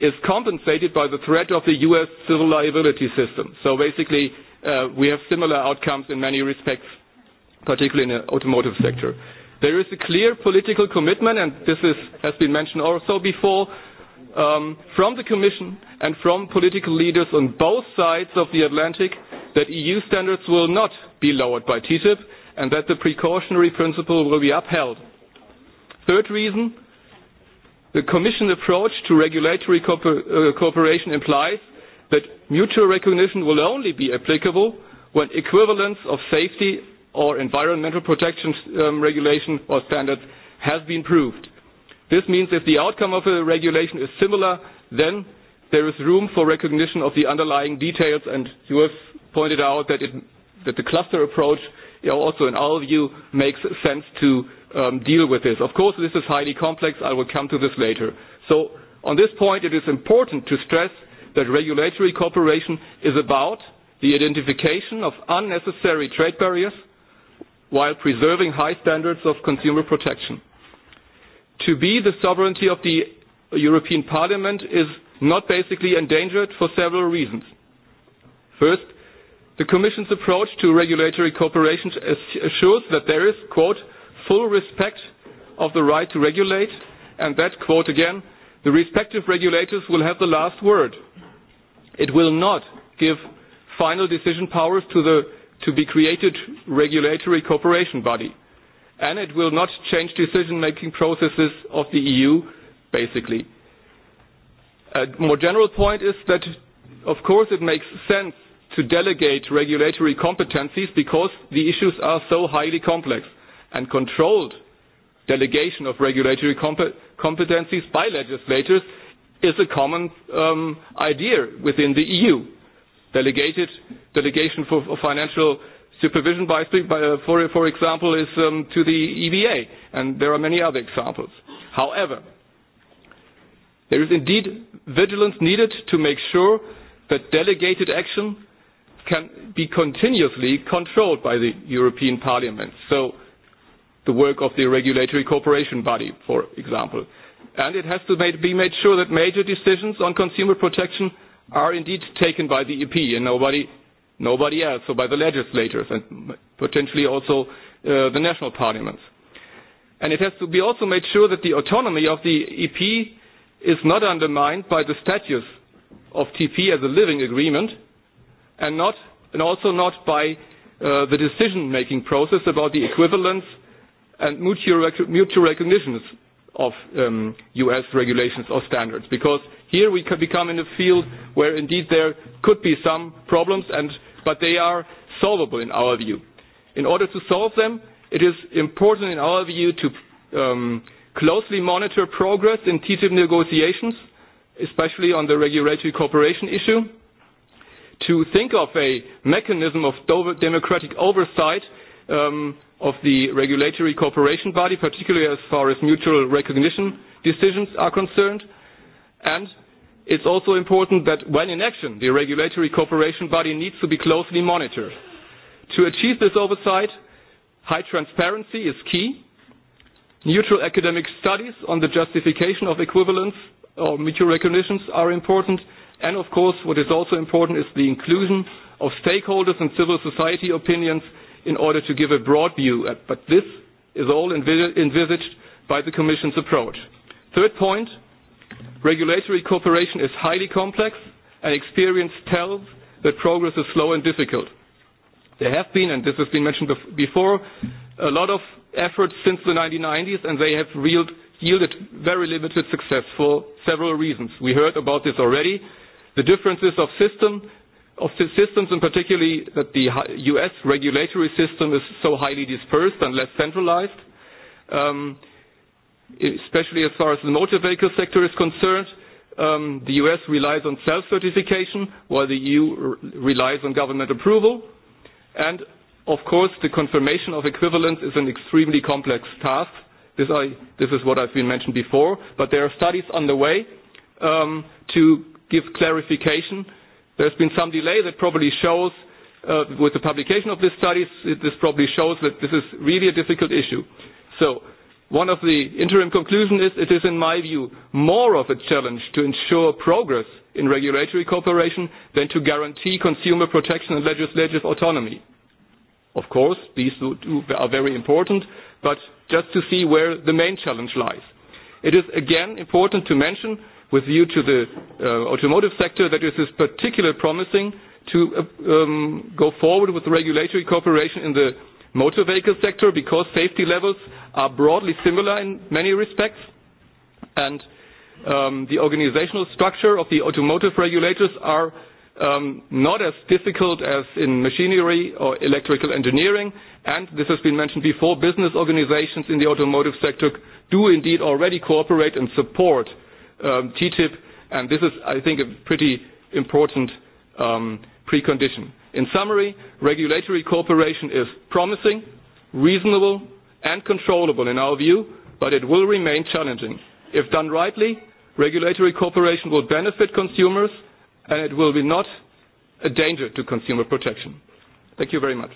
is compensated by the threat of the U.S. civil liability system. So basically, we have similar outcomes in many respects, particularly in the automotive sector. There is a clear political commitment, and this has been mentioned also before, from the Commission and from political leaders on both sides of the Atlantic that EU standards will not be lowered by TTIP and that the precautionary principle will be upheld. Third reason, the Commission approach to regulatory cooperation implies that mutual recognition will only be applicable when equivalence of safety or environmental protection regulation or standards has been proved. This means if the outcome of a regulation is similar, then there is room for recognition of the underlying details, and you have pointed out that the cluster approach also in our view makes sense to um deal with this. Of course, this is highly complex. I will come to this later. So on this point, it is important to stress that regulatory cooperation is about the identification of unnecessary trade barriers while preserving high standards of consumer protection. To be the sovereignty of the European Parliament is not basically endangered for several reasons. First, The Commission's approach to regulatory cooperation assures that there is, quote, full respect of the right to regulate, and that, quote again, the respective regulators will have the last word. It will not give final decision powers to the to be created regulatory cooperation body, and it will not change decision-making processes of the EU, basically. A more general point is that, of course, it makes sense to delegate regulatory competencies because the issues are so highly complex and controlled delegation of regulatory competencies by legislators is a common idea within the EU. Delegated delegation for financial supervision by for example is to the EBA and there are many other examples. However, there is indeed vigilance needed to make sure that delegated action can be continuously controlled by the European Parliament. So the work of the regulatory cooperation body, for example. And it has to be made sure that major decisions on consumer protection are indeed taken by the EP and nobody nobody else, so by the legislators and potentially also the national parliaments. And it has to be also made sure that the autonomy of the EP is not undermined by the status of TP as a living agreement and not and also not by the decision making process about the equivalence and mutual recognitions of US regulations or standards because here we could become in a field where indeed there could be some problems and but they are solvable in our view in order to solve them it is important in our view to closely monitor progress in TTIP negotiations especially on the regulatory cooperation issue to think of a mechanism of democratic oversight of the regulatory cooperation body, particularly as far as mutual recognition decisions are concerned. And it's also important that when in action, the regulatory cooperation body needs to be closely monitored. To achieve this oversight, high transparency is key. Neutral academic studies on the justification of equivalence or mutual recognitions are important And of course, what is also important is the inclusion of stakeholders and civil society opinions in order to give a broad view. But this is all envisaged by the Commission's approach. Third point, regulatory cooperation is highly complex and experience tells that progress is slow and difficult. There have been, and this has been mentioned before, a lot of efforts since the 1990s and they have yielded very limited success for several reasons. We heard about this already. The differences of system of systems and particularly that the US regulatory system is so highly dispersed and less centralized, um, especially as far as the motor vehicle sector is concerned. Um, the US relies on self-certification while the EU relies on government approval. And of course the confirmation of equivalence is an extremely complex task. This, I, this is what I've been mentioned before, but there are studies underway um, to give clarification. There's been some delay that probably shows with the publication of this study, this probably shows that this is really a difficult issue. So one of the interim conclusions is it is, in my view, more of a challenge to ensure progress in regulatory cooperation than to guarantee consumer protection and legislative autonomy. Of course, these two are very important, but just to see where the main challenge lies. It is again important to mention with view to the automotive sector that is particularly promising to go forward with regulatory cooperation in the motor vehicle sector because safety levels are broadly similar in many respects and the organizational structure of the automotive regulators are not as difficult as in machinery or electrical engineering and this has been mentioned before business organizations in the automotive sector do indeed already cooperate and support um TTIP, and this is, I think, a pretty important um precondition. In summary, regulatory cooperation is promising, reasonable, and controllable in our view, but it will remain challenging. If done rightly, regulatory cooperation will benefit consumers, and it will be not a danger to consumer protection. Thank you very much.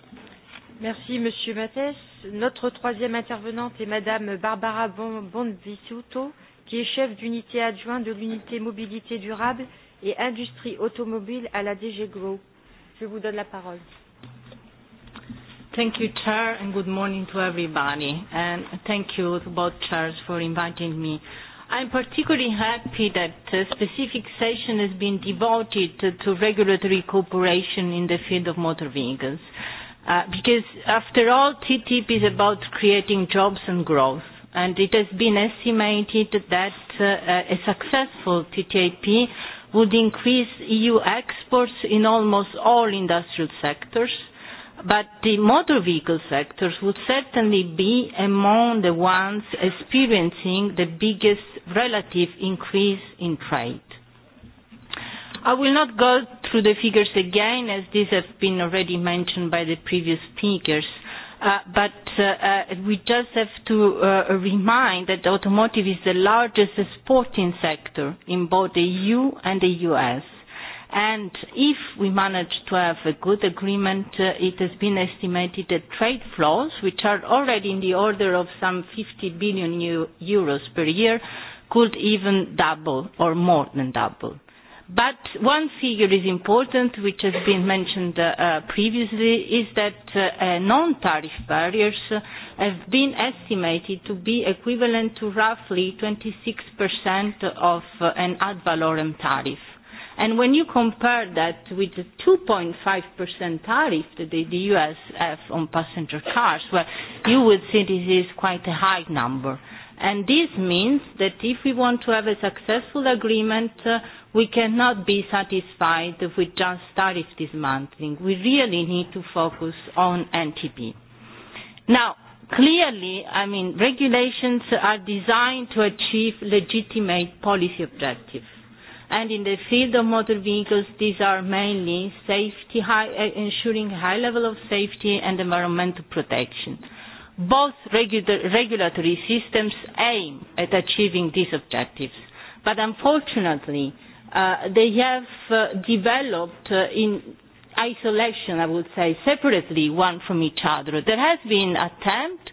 Merci, Monsieur Mathès. Notre troisième intervenante est Madame Barbara Bonvisuto qui est chef d'unité adjoint de l'unité mobilité durable et industrie automobile à la DG Grow. Je vous donne la parole. Thank you, Chair, and good morning to everybody. And thank you to both chairs for inviting me. I'm particularly happy that a specific session has been devoted to regulatory cooperation in the field of motor vehicles. Because, after all, TTIP is about creating jobs and growth and it has been estimated that a successful TTIP would increase EU exports in almost all industrial sectors, but the motor vehicle sectors would certainly be among the ones experiencing the biggest relative increase in trade. I will not go through the figures again as these have been already mentioned by the previous speakers but we just have to remind that automotive is the largest exporting sector in both the EU and the US. And if we manage to have a good agreement, it has been estimated that trade flows, which are already in the order of some 50 billion euros per year, could even double or more than double. But one figure is important, which has been mentioned previously, is that non-tariff barriers have been estimated to be equivalent to roughly 26% of an ad valorem tariff. And when you compare that with the 2.5% tariff that the US have on passenger cars, well, you would see this is quite a high number. And this means that if we want to have a successful agreement, we cannot be satisfied with just tariff dismantling. We really need to focus on NTP. Now, clearly, I mean, regulations are designed to achieve legitimate policy objectives. And in the field of motor vehicles, these are mainly safety, ensuring high level of safety and environmental protection. Both regulatory systems aim at achieving these objectives, but unfortunately they have developed in isolation, I would say, separately one from each other. There has been attempt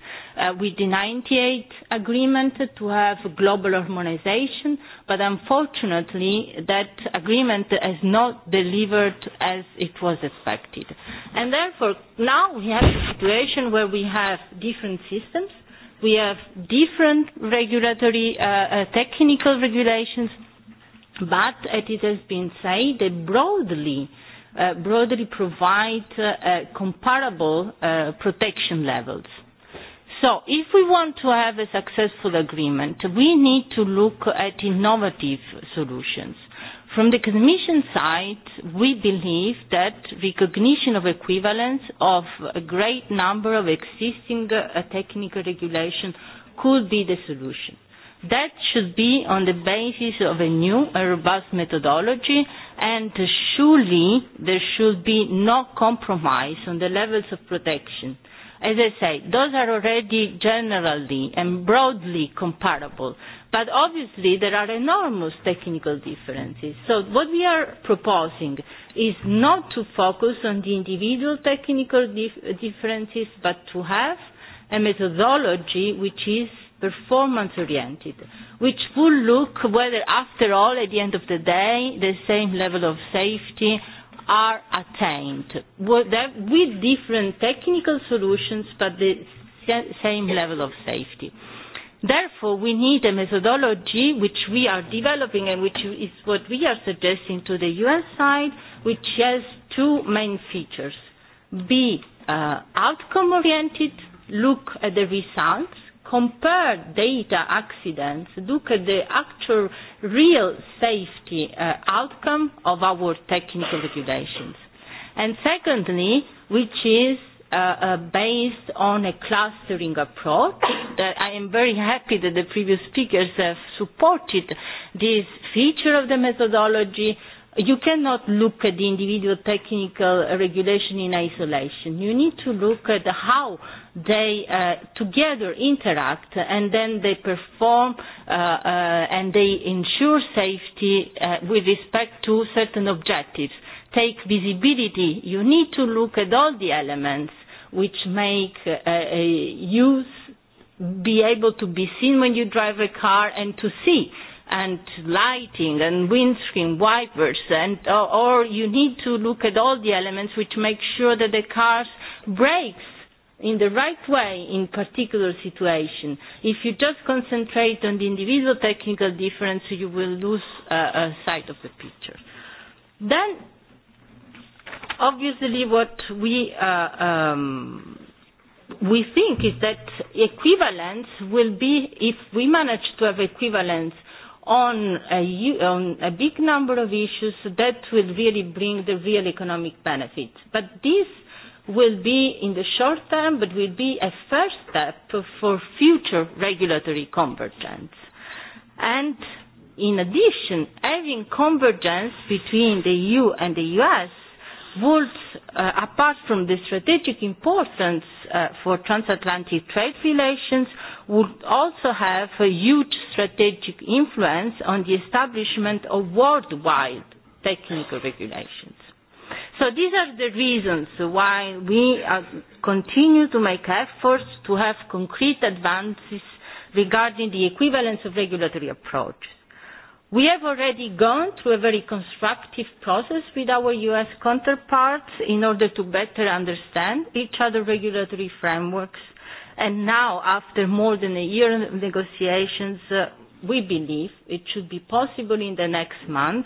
with the 98 agreement to have global harmonization, but unfortunately that agreement has not delivered as it was expected. And therefore now we have a situation where we have different systems, we have different regulatory, technical regulations, but as it has been said, they broadly broadly provide comparable protection levels. So if we want to have a successful agreement, we need to look at innovative solutions. From the Commission side, we believe that recognition of equivalence of a great number of existing technical regulations could be the solution. That should be on the basis of a new and robust methodology and surely there should be no compromise on the levels of protection As I say, those are already generally and broadly comparable. But obviously there are enormous technical differences. So what we are proposing is not to focus on the individual technical differences, but to have a methodology which is performance oriented, which will look whether after all at the end of the day the same level of safety are attained with different technical solutions but the same level of safety. Therefore, we need a methodology which we are developing and which is what we are suggesting to the U.S. side, which has two main features. Be outcome-oriented, look at the results, compare data accidents, look at the actual real safety outcome of our technical regulations. And secondly, which is based on a clustering approach. I am very happy that the previous speakers have supported this feature of the methodology You cannot look at the individual technical regulation in isolation. You need to look at how they together interact and then they perform and they ensure safety with respect to certain objectives. Take visibility. You need to look at all the elements which make use be able to be seen when you drive a car and to see and lighting and windscreen wipers and or you need to look at all the elements which make sure that the car brakes in the right way in particular situation. If you just concentrate on the individual technical difference, you will lose sight of the picture. Then, obviously, what we um, we think is that equivalence will be if we manage to have equivalence on a, a big number of issues that will really bring the real economic benefits. But this will be in the short term, but will be a first step for future regulatory convergence. And in addition, having convergence between the EU and the US would, apart from the strategic importance for transatlantic trade relations, would also have a huge strategic influence on the establishment of worldwide technical regulations. So these are the reasons why we continue to make efforts to have concrete advances regarding the equivalence of regulatory approaches. We have already gone through a very constructive process with our US counterparts in order to better understand each other's regulatory frameworks. And now, after more than a year of negotiations, we believe it should be possible in the next month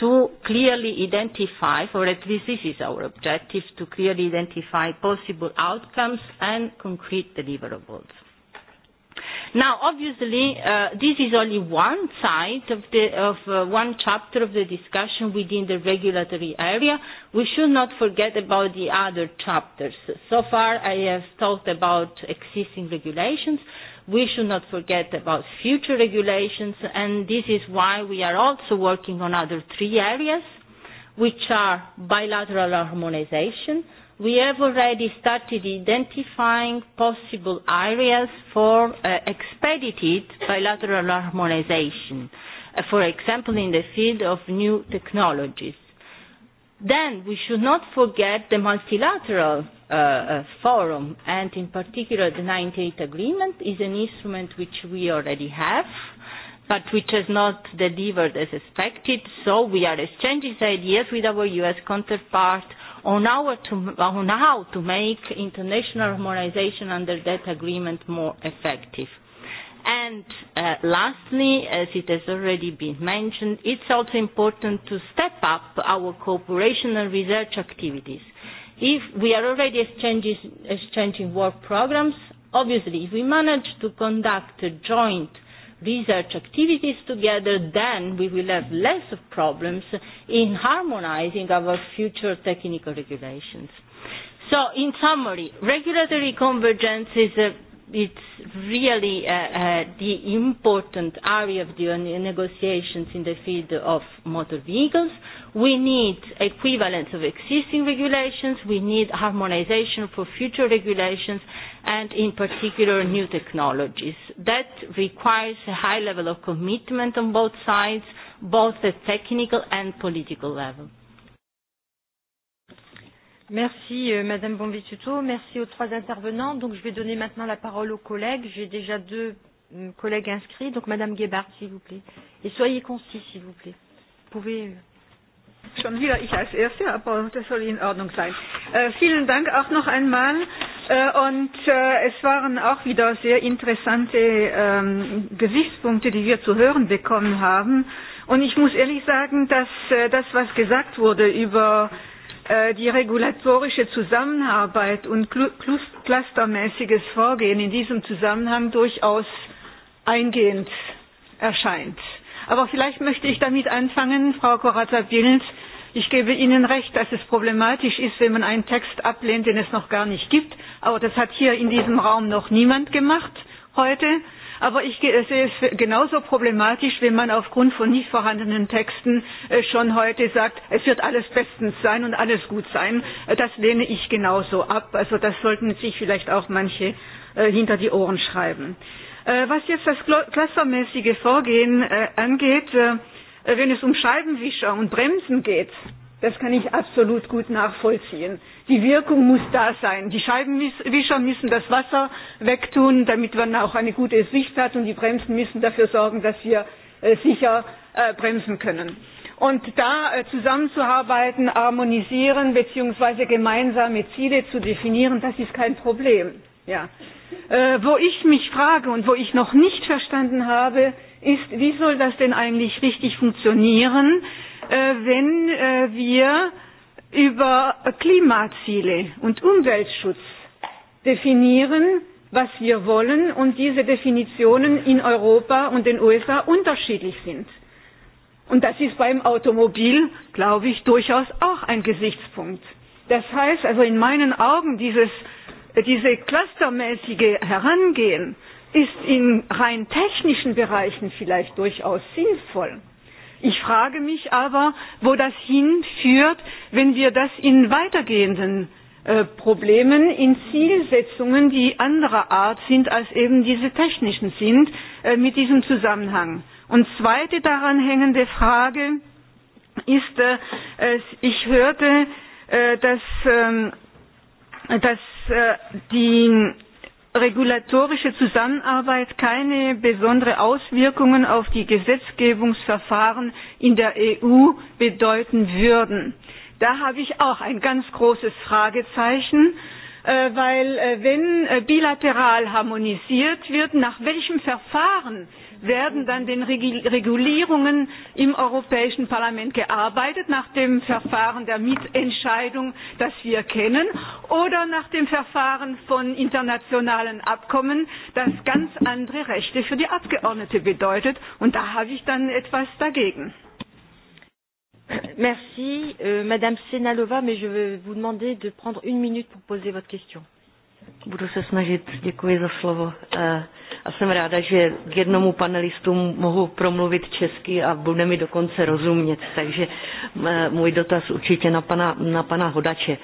to clearly identify, or at least this is our objective, to clearly identify possible outcomes and concrete deliverables. Now, obviously, this is only one side of the of one chapter of the discussion within the regulatory area. We should not forget about the other chapters. So far, I have talked about existing regulations. We should not forget about future regulations, and this is why we are also working on other three areas, which are bilateral harmonization, we have already started identifying possible areas for expedited bilateral harmonization, for example in the field of new technologies. Then we should not forget the multilateral forum and in particular the 98 agreement is an instrument which we already have but which has not delivered as expected so we are exchanging ideas with our US counterpart on how to make international harmonization under that agreement more effective. And lastly, as it has already been mentioned, it's also important to step up our cooperation and research activities. If we are already exchanging work programs, obviously if we manage to conduct a joint research activities together, then we will have less of problems in harmonizing our future technical regulations. So in summary, regulatory convergence is it's really the important area of the negotiations in the field of motor vehicles. We need equivalence of existing regulations, we need harmonization for future regulations and in particular new technologies. That requires a high level of commitment on both sides, both at technical and political level. Merci Madame Bonvituto, merci aux trois intervenants. Donc je vais donner maintenant la parole aux collègues. J'ai déjà deux collègues inscrits, donc Madame Guébard, s'il vous plaît. Et soyez concis, s'il vous plaît. Vous pouvez schon wieder ich als Erste, aber das soll in Ordnung sein. Äh, vielen Dank auch noch einmal. Äh, und äh, es waren auch wieder sehr interessante ähm, Gesichtspunkte, die wir zu hören bekommen haben. Und ich muss ehrlich sagen, dass das, was gesagt wurde über äh, die regulatorische Zusammenarbeit und clustermäßiges Vorgehen in diesem Zusammenhang durchaus eingehend erscheint. Aber vielleicht möchte ich damit anfangen, Frau Corazza-Bild, ich gebe Ihnen recht, dass es problematisch ist, wenn man einen Text ablehnt, den es noch gar nicht gibt. Aber das hat hier in diesem Raum noch niemand gemacht heute. Aber ich sehe es genauso problematisch, wenn man aufgrund von nicht vorhandenen Texten schon heute sagt, es wird alles bestens sein und alles gut sein. Das lehne ich genauso ab. Also das sollten sich vielleicht auch manche hinter die Ohren schreiben. Was jetzt das clustermäßige Vorgehen angeht, wenn es um Scheibenwischer und Bremsen geht, das kann ich absolut gut nachvollziehen. Die Wirkung muss da sein. Die Scheibenwischer müssen das Wasser wegtun, damit man auch eine gute Sicht hat, und die Bremsen müssen dafür sorgen, dass wir sicher bremsen können. Und da zusammenzuarbeiten, harmonisieren bzw. gemeinsame Ziele zu definieren, das ist kein Problem. Ja. Wo ich mich frage und wo ich noch nicht verstanden habe, ist, wie soll das denn eigentlich richtig funktionieren, wenn wir über Klimaziele und Umweltschutz definieren, was wir wollen und diese Definitionen in Europa und den USA unterschiedlich sind. Und das ist beim Automobil, glaube ich, durchaus auch ein Gesichtspunkt. Das heißt also in meinen Augen dieses diese clustermäßige Herangehen ist in rein technischen Bereichen vielleicht durchaus sinnvoll. Ich frage mich aber, wo das hinführt, wenn wir das in weitergehenden Problemen, in Zielsetzungen, die anderer Art sind als eben diese technischen sind, mit diesem Zusammenhang. Und zweite daran hängende Frage ist, ich hörte, dass dass die regulatorische Zusammenarbeit keine besonderen Auswirkungen auf die Gesetzgebungsverfahren in der EU bedeuten würden. Da habe ich auch ein ganz großes Fragezeichen, weil wenn bilateral harmonisiert wird, nach welchem Verfahren werden dann den Regulierungen im Europäischen Parlament gearbeitet, nach dem Verfahren der Mitentscheidung, das wir kennen, oder nach dem Verfahren von internationalen Abkommen, das ganz andere Rechte für die Abgeordnete bedeutet. Und da habe ich dann etwas dagegen. Merci, Madame Senalova, mais je vais vous demander de prendre une minute pour poser votre question. Budu se snažit, děkuji za slovo. A jsem ráda, že k jednomu panelistu mohu promluvit česky a bude mi dokonce rozumět, takže můj dotaz určitě na pana, na pana Hodače.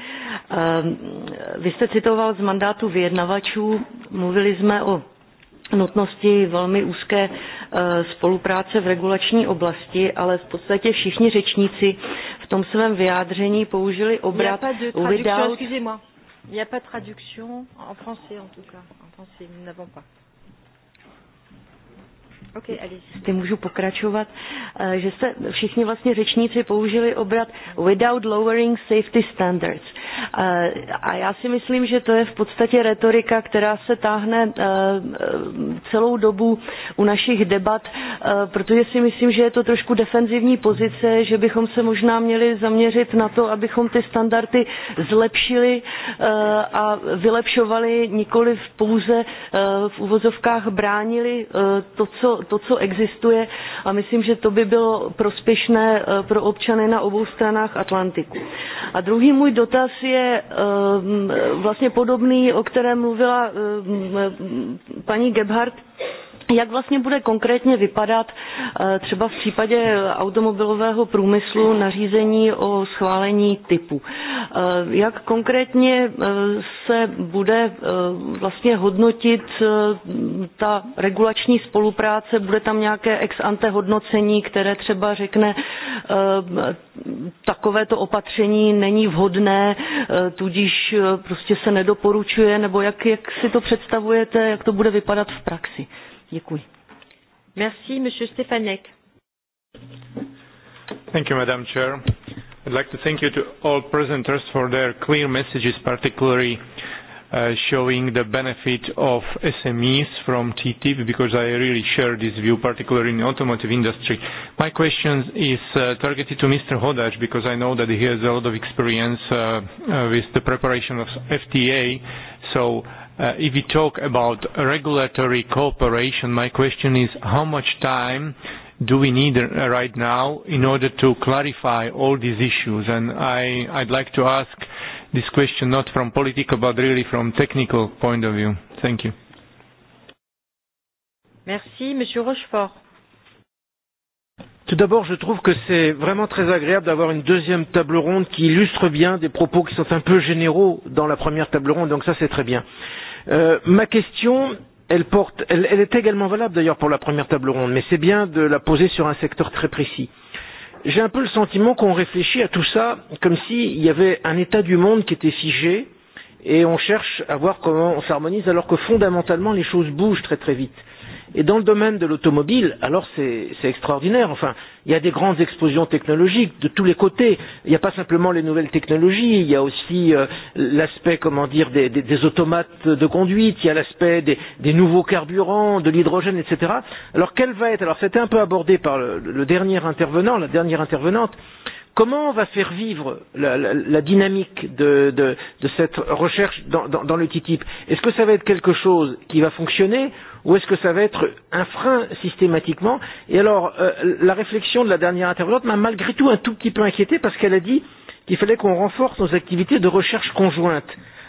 Vy jste citoval z mandátu vyjednavačů, mluvili jsme o nutnosti velmi úzké spolupráce v regulační oblasti, ale v podstatě všichni řečníci v tom svém vyjádření použili obrat without... Il n'y a pas de traduction en français en tout cas. En français, nous n'avons pas. allez. Ty můžu pokračovat, že jste všichni vlastně řečníci použili obrat without lowering safety standards. A já si myslím, že to je v podstatě retorika, která se táhne celou dobu u našich debat, protože si myslím, že je to trošku defenzivní pozice, že bychom se možná měli zaměřit na to, abychom ty standardy zlepšili a vylepšovali nikoli pouze v uvozovkách bránili to co, to, co existuje a myslím, že to by bylo prospěšné pro občany na obou stranách Atlantiku. A druhý můj dotaz je, je vlastně podobný, o kterém mluvila paní Gebhardt jak vlastně bude konkrétně vypadat třeba v případě automobilového průmyslu nařízení o schválení typu. Jak konkrétně se bude vlastně hodnotit ta regulační spolupráce, bude tam nějaké ex ante hodnocení, které třeba řekne, takovéto opatření není vhodné, tudíž prostě se nedoporučuje, nebo jak, jak si to představujete, jak to bude vypadat v praxi? Děkuji. Merci, Monsieur Stefanek. Thank you, Madam Chair. I'd like to thank you to all presenters for their clear messages, particularly showing the benefit of SMEs from TTIP, because I really share this view, particularly in the automotive industry. My question is targeted to Mr. Hodaj, because I know that he has a lot of experience with the preparation of FTA. So If we talk about regulatory cooperation, my question is how much time do we need right now in order to clarify all these issues? And I I'd like to ask this question not from political but really from technical point of view. Thank you. Merci, Monsieur Rochefort. Tout d'abord, je trouve que c'est vraiment très agréable d'avoir une deuxième table ronde qui illustre bien des propos qui sont un peu généraux dans la première table ronde, donc ça c'est très bien. Ma question, elle porte, elle est également valable d'ailleurs pour la première table ronde, mais c'est bien de la poser sur un secteur très précis. J'ai un peu le sentiment qu'on réfléchit à tout ça comme s'il y avait un état du monde qui était figé et on cherche à voir comment on s'harmonise alors que fondamentalement les choses bougent très très vite. Et dans le domaine de l'automobile, alors c'est extraordinaire. Enfin, il y a des grandes explosions technologiques de tous les côtés. Il n'y a pas simplement les nouvelles technologies, il y a aussi l'aspect, comment dire, des, des, automates de conduite, il y a l'aspect des, des nouveaux carburants, de l'hydrogène, etc. Alors quel va être, alors c'était un peu abordé par le, dernier intervenant, la dernière intervenante, comment on va faire vivre la, la, la dynamique de, de, de cette recherche dans, dans, dans le TTIP Est-ce que ça va être quelque chose qui va fonctionner ou est-ce que ça va être un frein systématiquement Et alors, la réflexion de la dernière intervenante m'a malgré tout un tout petit peu inquiété parce qu'elle a dit qu'il fallait qu'on renforce nos activités de recherche conjointe.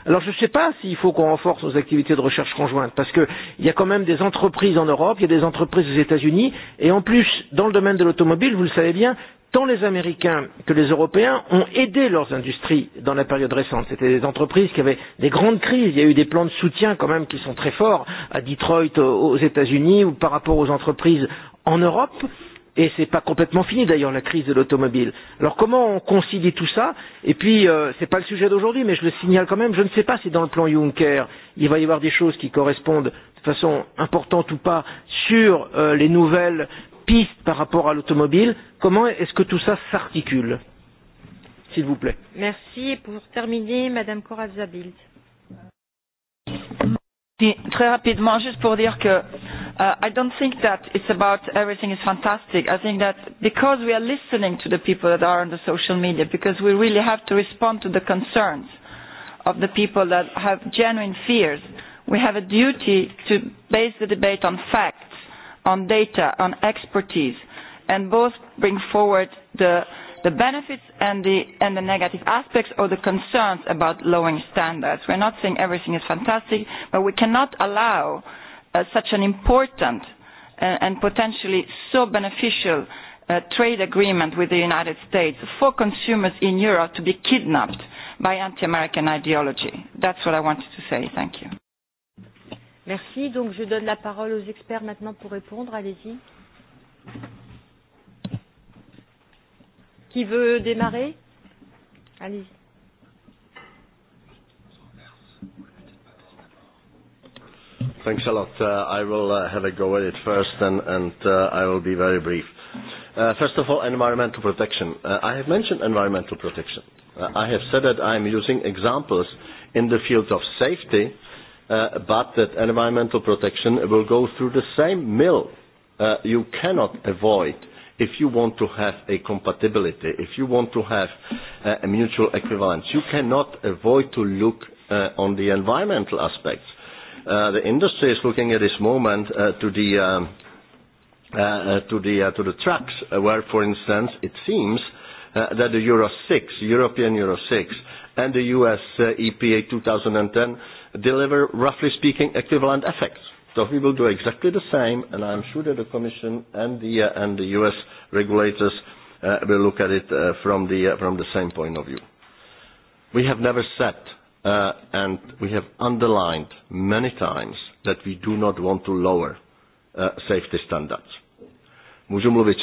Alors je ne sais pas s'il faut qu'on renforce nos activités de recherche conjointe, parce qu'il y a quand même des entreprises en Europe, il y a des entreprises aux États-Unis, et en plus, dans le domaine de l'automobile, vous le savez bien, tant les Américains que les Européens ont aidé leurs industries dans la période récente. C'était des entreprises qui avaient des grandes crises. Il y a eu des plans de soutien quand même qui sont très forts à Detroit aux États-Unis ou par rapport aux entreprises en Europe. Et ce n'est pas complètement fini d'ailleurs la crise de l'automobile. Alors comment on concilie tout ça Et puis ce n'est pas le sujet d'aujourd'hui, mais je le signale quand même, je ne sais pas si dans le plan Juncker il va y avoir des choses qui correspondent de façon importante ou pas sur les nouvelles piste par rapport à l'automobile. Comment est-ce que tout ça s'articule S'il vous plaît. Merci. pour terminer, Madame Corazza Très rapidement, juste pour dire que I don't think that it's about everything is fantastic. I think that because we are listening to the people that are on the social media, because we really have to respond to the concerns of the people that have genuine fears, we have a duty to base the debate on facts on data, on expertise, and both bring forward the benefits and the and the negative aspects or the concerns about lowering standards. We're not saying everything is fantastic, but we cannot allow such an important and potentially so beneficial trade agreement with the United States for consumers in Europe to be kidnapped by anti-American ideology. That's what I wanted to say. Thank you. Merci. Donc, je donne la parole aux experts maintenant pour répondre. Allez-y. Qui veut démarrer Allez-y. Thanks a lot. I will have a go at it first, and and I will be very brief. First of all, environmental protection. I have mentioned environmental protection. I have said that I am using examples in the field of safety but that environmental protection will go through the same mill. You cannot avoid if you want to have a compatibility, if you want to have a mutual equivalence. You cannot avoid to look on the environmental aspects. The industry is looking at this moment to the to the to the trucks, where, for instance, it seems that the Euro 6, European Euro 6, and the US EPA 2010 deliver, roughly speaking, equivalent effects. So we will do exactly the same, and I'm sure that the Commission and the, U.S. regulators will look at it from, the, same point of view. We have never said, and we have underlined many times, that we do not want to lower safety standards. I can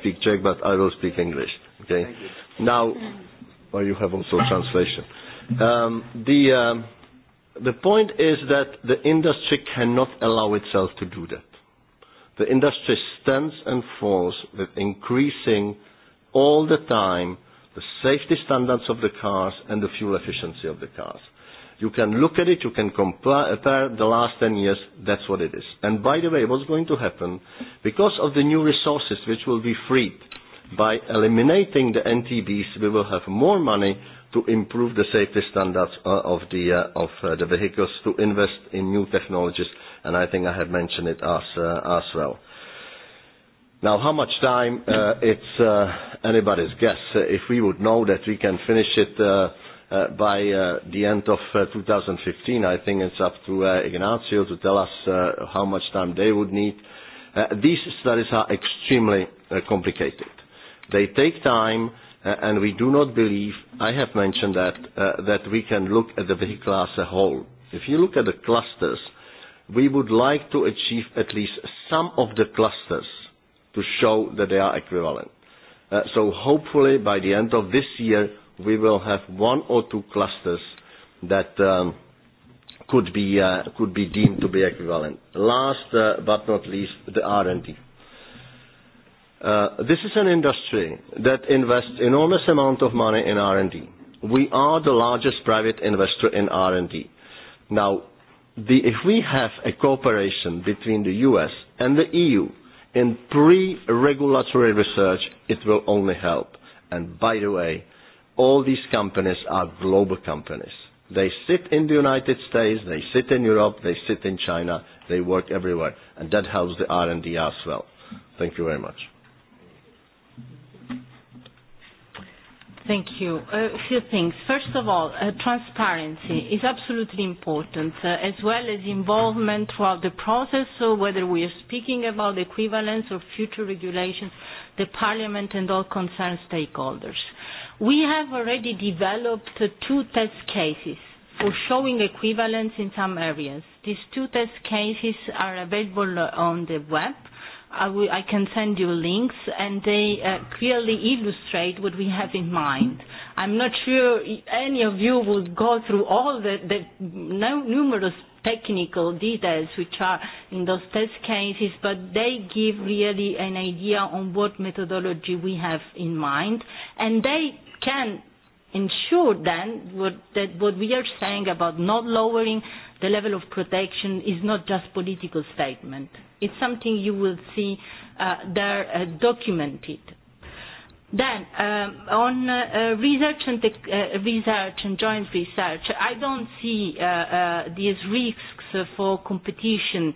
speak Czech, but I will speak English. Okay? Now, you have also translation. Um, the, the point is that the industry cannot allow itself to do that. The industry stands and falls with increasing all the time the safety standards of the cars and the fuel efficiency of the cars. You can look at it, you can compare the last 10 years, that's what it is. And by the way, what's going to happen, because of the new resources which will be freed by eliminating the NTBs, we will have more money to improve the safety standards of the of the vehicles, to invest in new technologies, and I think I have mentioned it as as well. Now, how much time? It's anybody's guess. If we would know that we can finish it by the end of 2015, I think it's up to Ignacio to tell us how much time they would need. These studies are extremely complicated. They take time and we do not believe, I have mentioned that, that we can look at the vehicle as a whole. If you look at the clusters, we would like to achieve at least some of the clusters to show that they are equivalent. So hopefully by the end of this year we will have one or two clusters that could be could be deemed to be equivalent. Last but not least, the R&D. This is an industry that invests enormous amount of money in R&D. We are the largest private investor in R&D. Now, if we have a cooperation between the US and the EU in pre-regulatory research, it will only help. And by the way, all these companies are global companies. They sit in the United States, they sit in Europe, they sit in China, they work everywhere. And that helps the R&D as well. Thank you very much. Thank you. A few things. First of all, transparency is absolutely important, as well as involvement throughout the process, so whether we are speaking about equivalence or future regulations, the Parliament and all concerned stakeholders. We have already developed two test cases for showing equivalence in some areas. These two test cases are available on the web I can send you links, and they clearly illustrate what we have in mind. I'm not sure any of you would go through all the, the numerous technical details which are in those test cases, but they give really an idea on what methodology we have in mind, and they can ensure then that what we are saying about not lowering the level of protection is not just political statement. It's something you will see there documented. Then on research and research and joint research, I don't see these risks for competition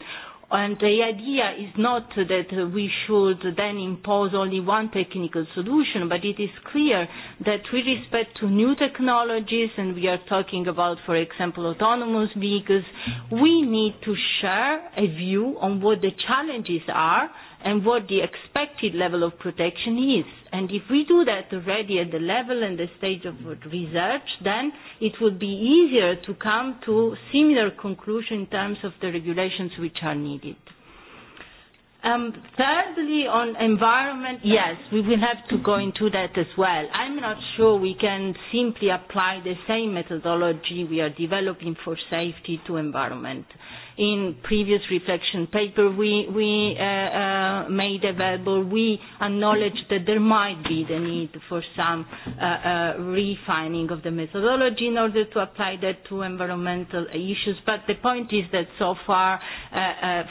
And the idea is not that we should then impose only one technical solution, but it is clear that with respect to new technologies, and we are talking about, for example, autonomous vehicles, we need to share a view on what the challenges are and what the expected level of protection is. And if we do that already at the level and the stage of research, then it would be easier to come to similar conclusion in terms of the regulations which are needed. Um, thirdly, on environment, yes, we will have to go into that as well. I'm not sure we can simply apply the same methodology we are developing for safety to environment in previous reflection paper we we made available. We acknowledged that there might be the need for some refining of the methodology in order to apply that to environmental issues. But the point is that so far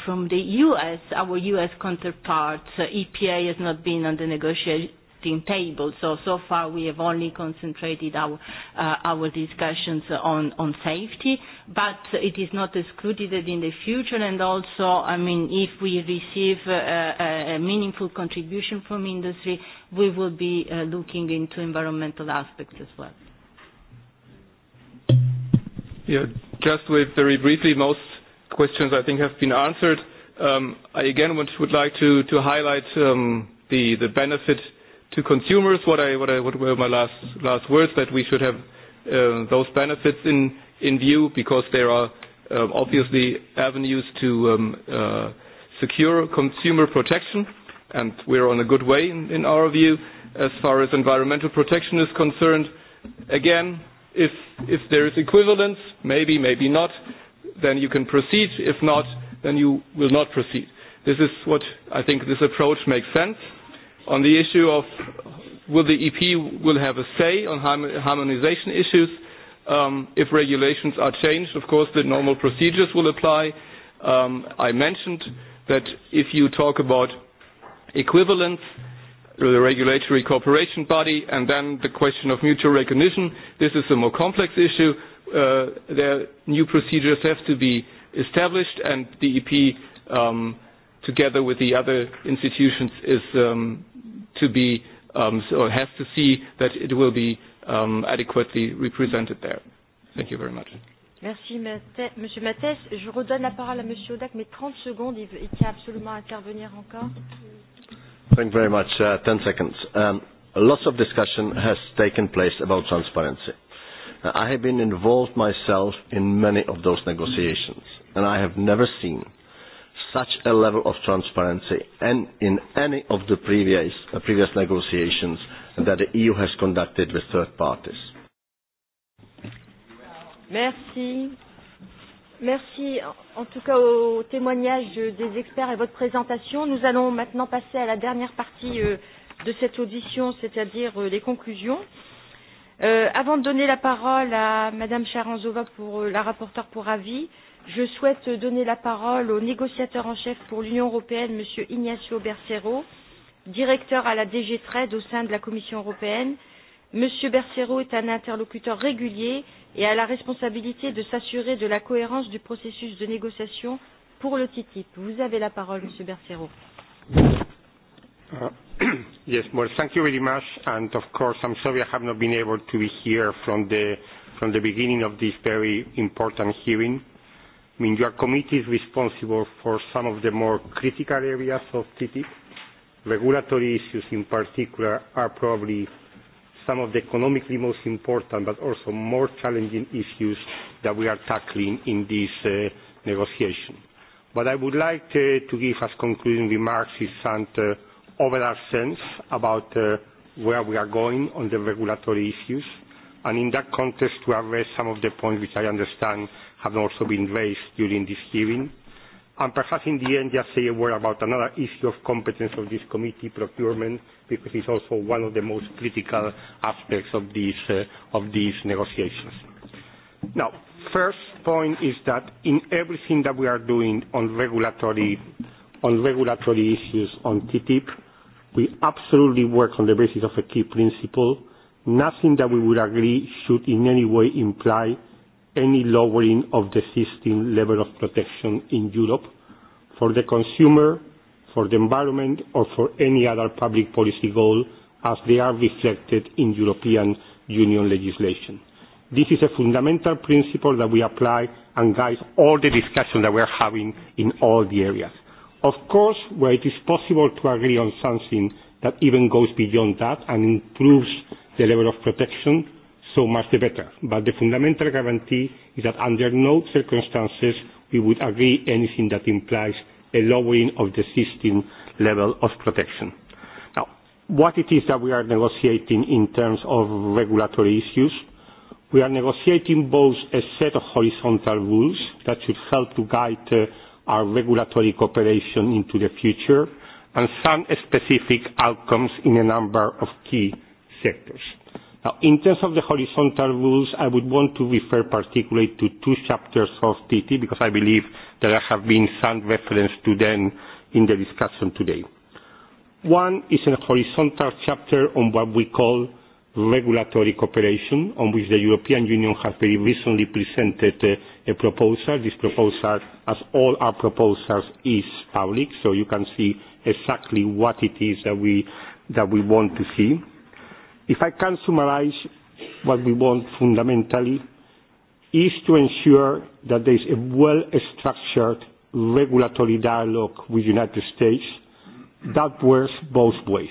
from the U.S., our U.S. counterparts, EPA has not been on the negotiation table. So, so far we have only concentrated our, our discussions on, on safety, but it is not excluded in the future and also, I mean, if we receive a meaningful contribution from industry, we will be looking into environmental aspects as well. Yeah, just very briefly, most questions I think have been answered. I again would like to to highlight the benefit to consumers, what I what what were my last last words that we should have those benefits in in view because there are obviously avenues to secure consumer protection and we're on a good way in our view as far as environmental protection is concerned. Again, if if there is equivalence, maybe, maybe not, then you can proceed. If not, then you will not proceed. This is what I think this approach makes sense On the issue of will the EP will have a say on harmonization issues, if regulations are changed, of course the normal procedures will apply. I mentioned that if you talk about equivalence, the regulatory cooperation body, and then the question of mutual recognition, this is a more complex issue. new procedures have to be established, and the EP, together with the other institutions, is to be um so has to see that it will be um adequately represented there. Thank you very much. Merci, Monsieur Mathès. Je redonne la parole à Monsieur Odak, mais 30 secondes, il tient absolument à intervenir encore. Thank you very much. 10 seconds. Um, lots of discussion has taken place about transparency. I have been involved myself in many of those negotiations, and I have never seen such a level of transparency and in any of the previous previous negotiations that the EU has conducted with third parties. Merci. Merci en tout cas au témoignage des experts et votre présentation. Nous allons maintenant passer à la dernière partie de cette audition, c'est-à-dire les conclusions. Euh, avant de donner la parole à Madame Charanzova pour la rapporteure pour avis, Je souhaite donner la parole au négociateur en chef pour l'Union européenne, M. Ignacio Bercero, directeur à la DG Trade au sein de la Commission européenne. M. Bercero est un interlocuteur régulier et a la responsabilité de s'assurer de la cohérence du processus de négociation pour le TTIP. Vous avez la parole, M. Bercero. Yes, well, thank you very much. And of course, I'm sorry have not been able to be here from the, from the beginning of this very important hearing. I mean, your committee is responsible for some of the more critical areas of TTIP. Regulatory issues in particular are probably some of the economically most important but also more challenging issues that we are tackling in this negotiation. What I would like to give as concluding remarks is some overall sense about where we are going on the regulatory issues and in that context to address some of the points which I understand have also been raised during this hearing. And perhaps in the end, just say a word about another issue of competence of this committee, procurement, because it's also one of the most critical aspects of these, of these negotiations. Now, first point is that in everything that we are doing on regulatory, on regulatory issues on TTIP, we absolutely work on the basis of a key principle. Nothing that we would agree should in any way imply any lowering of the existing level of protection in Europe for the consumer, for the environment, or for any other public policy goal as they are reflected in European Union legislation. This is a fundamental principle that we apply and guides all the discussion that we are having in all the areas. Of course, where it is possible to agree on something that even goes beyond that and improves the level of protection, so much the better. But the fundamental guarantee is that under no circumstances we would agree anything that implies a lowering of the existing level of protection. Now, what it is that we are negotiating in terms of regulatory issues? We are negotiating both a set of horizontal rules that should help to guide our regulatory cooperation into the future and some specific outcomes in a number of key sectors in terms of the horizontal rules, I would want to refer particularly to two chapters of TT because I believe that there have been some reference to them in the discussion today. One is a horizontal chapter on what we call regulatory cooperation, on which the European Union has very recently presented a proposal. This proposal, as all our proposals, is public, so you can see exactly what it is that we want to see. If I can summarize what we want fundamentally is to ensure that there is a well-structured regulatory dialogue with the United States that works both ways.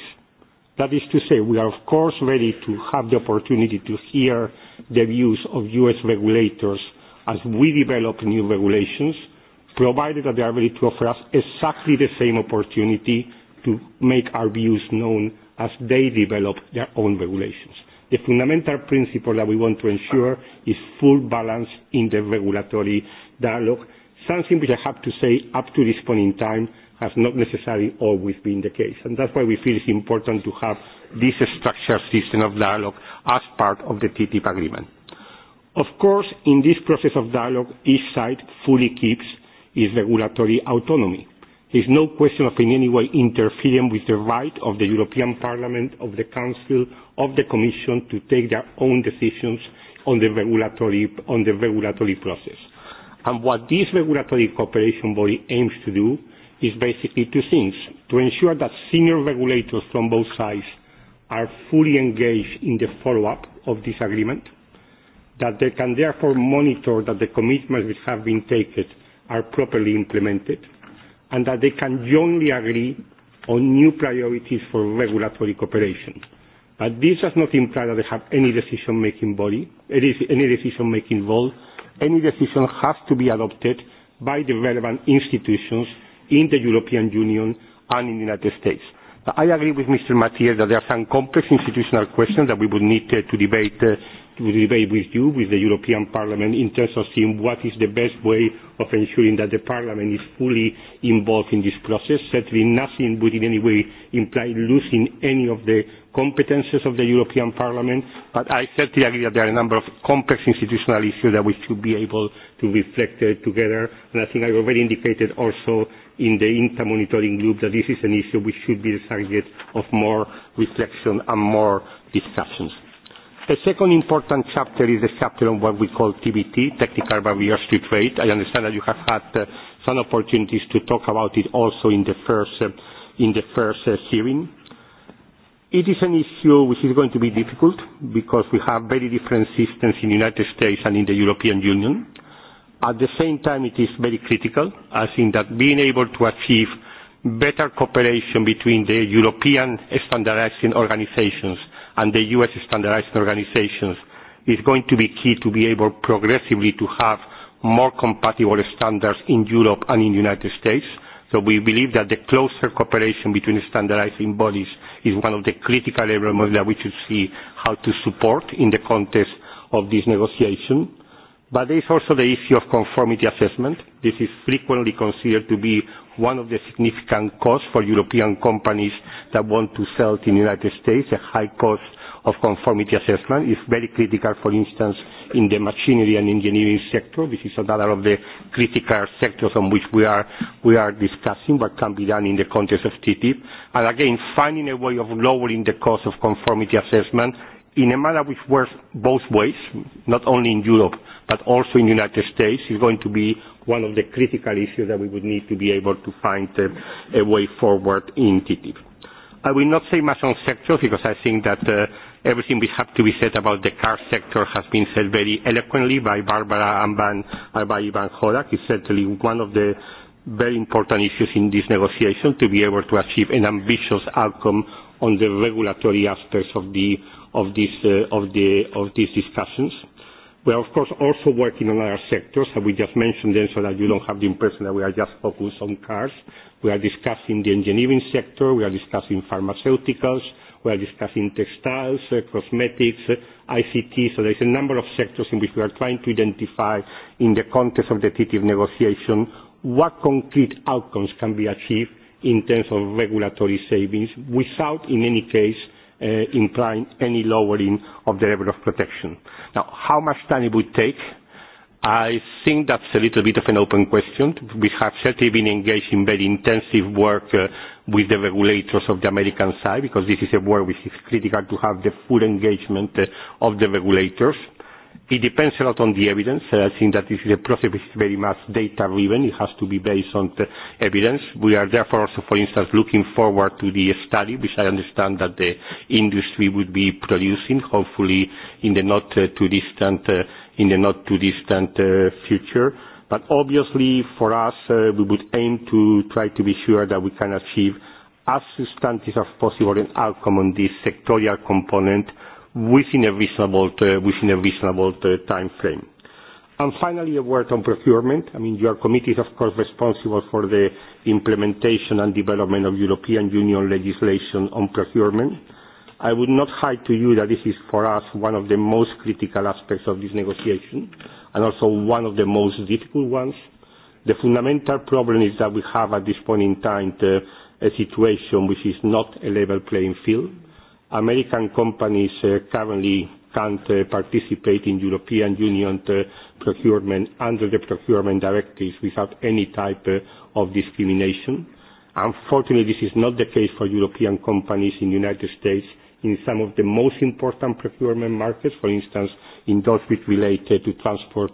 That is to say, we are of course ready to have the opportunity to hear the views of U.S. regulators as we develop new regulations, provided that they are ready to offer us exactly the same opportunity to make our views known as they develop their own regulations. The fundamental principle that we want to ensure is full balance in the regulatory dialogue, something which I have to say up to this point in time has not necessarily always been the case. And that's why we feel it's important to have this structured system of dialogue as part of the TTIP agreement. Of course, in this process of dialogue, each side fully keeps its regulatory autonomy. There is no question of in any way interfering with the right of the European Parliament, of the Council, of the Commission to take their own decisions on the regulatory, on the regulatory process. And what this regulatory cooperation body aims to do is basically two things. To ensure that senior regulators from both sides are fully engaged in the follow-up of this agreement, that they can therefore monitor that the commitments which have been taken are properly implemented, and that they can jointly agree on new priorities for regulatory cooperation. But this does not imply that they have any decision-making body, any decision-making role. Any decision has to be adopted by the relevant institutions in the European Union and in the United States. I agree with Mr. Mathias that there are some complex institutional questions that we would need to debate to debate with you, with the European Parliament, in terms of seeing what is the best way of ensuring that the Parliament is fully involved in this process. Certainly nothing would in any way imply losing any of the competences of the European Parliament, but I certainly agree that there are a number of complex institutional issues that we should be able to reflect together, and I think I already indicated also in the inter monitoring group that this is an issue which should be the subject of more reflection and more discussions. The second important chapter is the chapter on what we call TBT, Technical Barriers to Trade. I understand that you have had some opportunities to talk about it also in the first in the first hearing. It is an issue which is going to be difficult because we have very different systems in the United States and in the European Union. At the same time, it is very critical, as in that being able to achieve better cooperation between the European standardising organisations and the US standardizing organisations is going to be key to be able progressively to have more compatible standards in Europe and in the United States. So we believe that the closer cooperation between standardising bodies is one of the critical elements that we should see how to support in the context of this negotiation. But there is also the issue of conformity assessment. This is frequently considered to be one of the significant costs for European companies that want to sell in the United States. a high cost of conformity assessment is very critical, for instance, in the machinery and engineering sector. This is another of the critical sectors on which we are we are discussing what can be done in the context of TTIP. And again, finding a way of lowering the cost of conformity assessment in a manner which works both ways, not only in Europe but also in the United States is going to be one of the critical issues that we would need to be able to find a way forward in TTIP. I will not say much on sectors because I think that everything we have to be said about the car sector has been said very eloquently by Barbara and by Ivan Horak. It's certainly one of the very important issues in this negotiation to be able to achieve an ambitious outcome on the regulatory aspects of the of of the of these discussions. We are, of course, also working on other sectors, and we just mentioned them so that you don't have the impression that we are just focused on cars. We are discussing the engineering sector, we are discussing pharmaceuticals, we are discussing textiles, cosmetics, ICT. So there is a number of sectors in which we are trying to identify, in the context of the TTIP negotiation, what concrete outcomes can be achieved in terms of regulatory savings without, in any case, implying any lowering of the level of protection. Now, how much time it would take? I think that's a little bit of an open question. We have certainly been engaged in very intensive work with the regulators of the American side because this is a work which is critical to have the full engagement of the regulators. It depends a lot on the evidence. I think that this is a process which is very much data-driven. It has to be based on the evidence. We are therefore also, for instance, looking forward to the study, which I understand that the industry would be producing, hopefully in the not too distant, in the not too distant future. But obviously, for us, we would aim to try to be sure that we can achieve as substantive as possible an outcome on this sectorial component within a reasonable time frame. And finally, a word on procurement. I mean, your committee is, of course, responsible for the implementation and development of European Union legislation on procurement. I would not hide to you that this is, for us, one of the most critical aspects of this negotiation and also one of the most difficult ones. The fundamental problem is that we have, at this point in time, a situation which is not a level playing field American companies currently can't participate in European Union procurement under the procurement directives without any type of discrimination. Unfortunately, this is not the case for European companies in the United States in some of the most important procurement markets, for instance, in those which relate to transport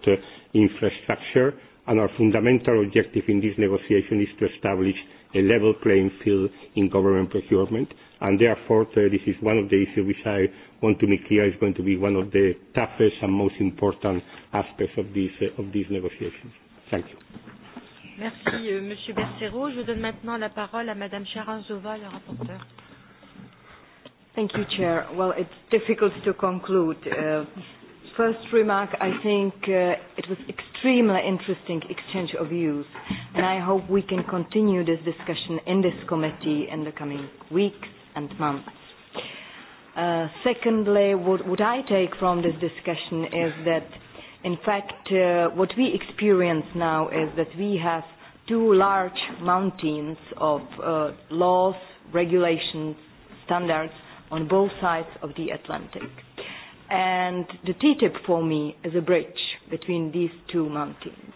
infrastructure. And our fundamental objective in this negotiation is to establish a level playing field in government procurement and therefore this is one of the issues which I want to make clear is going to be one of the toughest and most important aspects of these negotiations. Thank you. Merci, Monsieur Bercero. Je donne maintenant la parole à Madame Charanzova, la rapporteure. Thank you, Chair. Well, it's difficult to conclude. First remark, I think it was extremely interesting exchange of views, and I hope we can continue this discussion in this committee in the coming weeks months. Secondly, what I take from this discussion is that, in fact, what we experience now is that we have two large mountains of laws, regulations, standards on both sides of the Atlantic. And the TTIP for me is a bridge between these two mountains.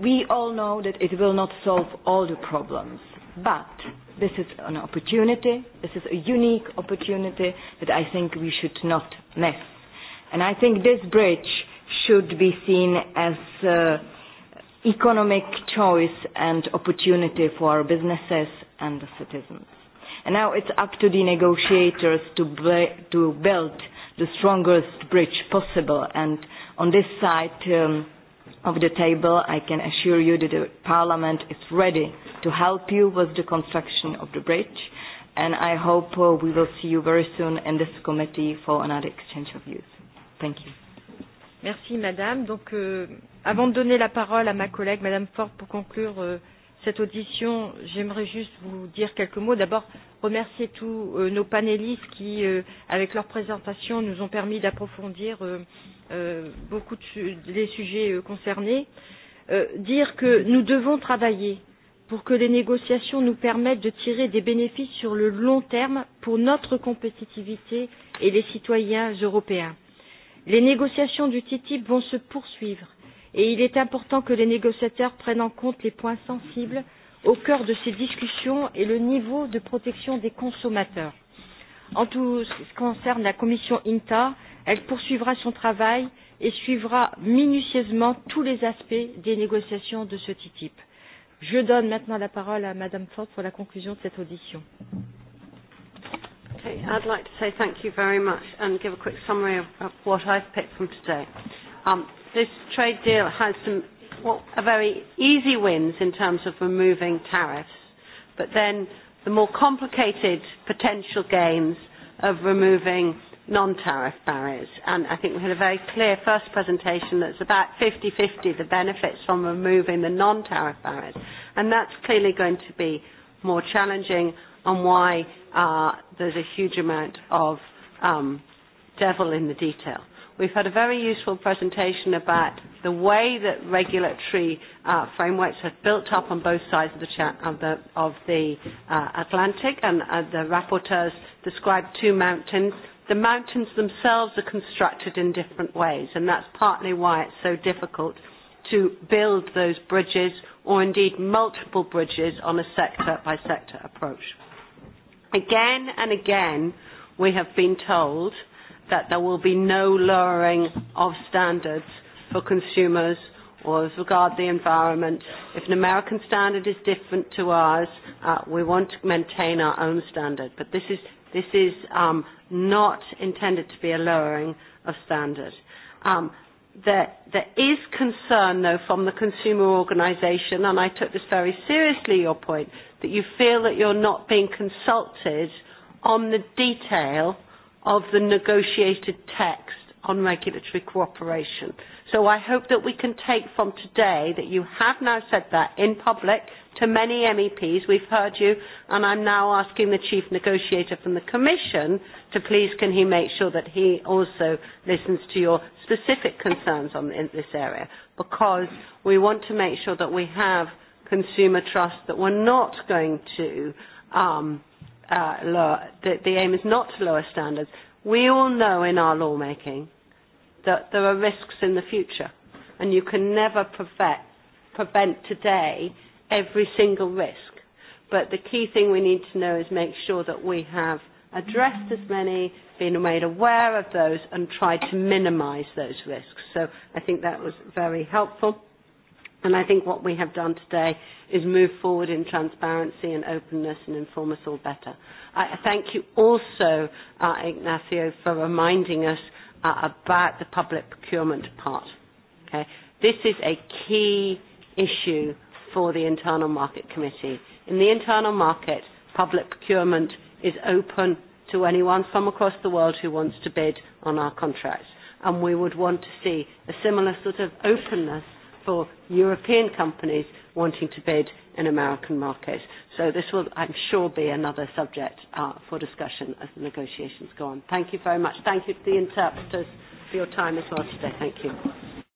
We all know that it will not solve all the problems, but This is an opportunity. This is a unique opportunity that I think we should not miss. And I think this bridge should be seen as economic choice and opportunity for our businesses and the citizens. And now it's up to the negotiators to, to build the strongest bridge possible. And on this side, of the table, I can assure you that the Parliament is ready to help you with the construction of the bridge, and I hope we will see you very soon in this committee for another exchange of views. Thank you. Merci, Madame. Donc, avant de donner la parole à ma collègue, Madame Ford, pour conclure cette audition, j'aimerais juste vous dire quelques mots. D'abord, remercier tous nos panélistes qui, avec leur présentation, nous ont permis d'approfondir beaucoup des sujets concernés. Dire que nous devons travailler pour que les négociations nous permettent de tirer des bénéfices sur le long terme pour notre compétitivité et les citoyens européens. Les négociations du TTIP vont se poursuivre et il est important que les négociateurs prennent en compte les points sensibles au cœur de ces discussions et le niveau de protection des consommateurs. En tout ce qui concerne la commission INTA, elle poursuivra son travail et suivra minutieusement tous les aspects des négociations de ce TTIP. Je donne maintenant la parole à Madame Ford pour la conclusion de cette audition. I'd like to say thank you very much and give a quick summary of what I've picked from today. Um, this trade deal has some well, a very easy wins in terms of removing tariffs, but then the more complicated potential gains of removing non-tariff barriers. And I think we had a very clear first presentation that's about 50-50 the benefits from removing the non-tariff barriers. And that's clearly going to be more challenging on why uh, there's a huge amount of um, devil in the detail. We've had a very useful presentation about the way that regulatory frameworks have built up on both sides of the, of of the Atlantic, and the rapporteurs described two mountains. The mountains themselves are constructed in different ways, and that's partly why it's so difficult to build those bridges, or indeed multiple bridges, on a sector-by-sector approach. Again and again, we have been told – that there will be no lowering of standards for consumers or as regard the environment. If an American standard is different to ours, uh, we want to maintain our own standard. But this is, this is um, not intended to be a lowering of standard. there, there is concern, though, from the consumer organisation, and I took this very seriously, your point, that you feel that you're not being consulted on the detail – of the negotiated text on regulatory cooperation. So I hope that we can take from today that you have now said that in public to many MEPs. We've heard you, and I'm now asking the chief negotiator from the Commission to please can he make sure that he also listens to your specific concerns on in this area, because we want to make sure that we have consumer trust that we're not going to um, uh, the, the aim is not to lower standards. We all know in our lawmaking that there are risks in the future, and you can never prevent, prevent today every single risk. But the key thing we need to know is make sure that we have addressed as many, been made aware of those, and tried to minimise those risks. So I think that was very helpful. And I think what we have done today is move forward in transparency and openness and inform us all better. I thank you also, uh, Ignacio, for reminding us uh, about the public procurement part. Okay? This is a key issue for the Internal Market Committee. In the internal market, public procurement is open to anyone from across the world who wants to bid on our contracts. And we would want to see a similar sort of openness for European companies wanting to bid in American markets. So this will, I'm sure, be another subject for discussion as the negotiations go on. Thank you very much. Thank you to the interpreters for your time as well today. Thank you.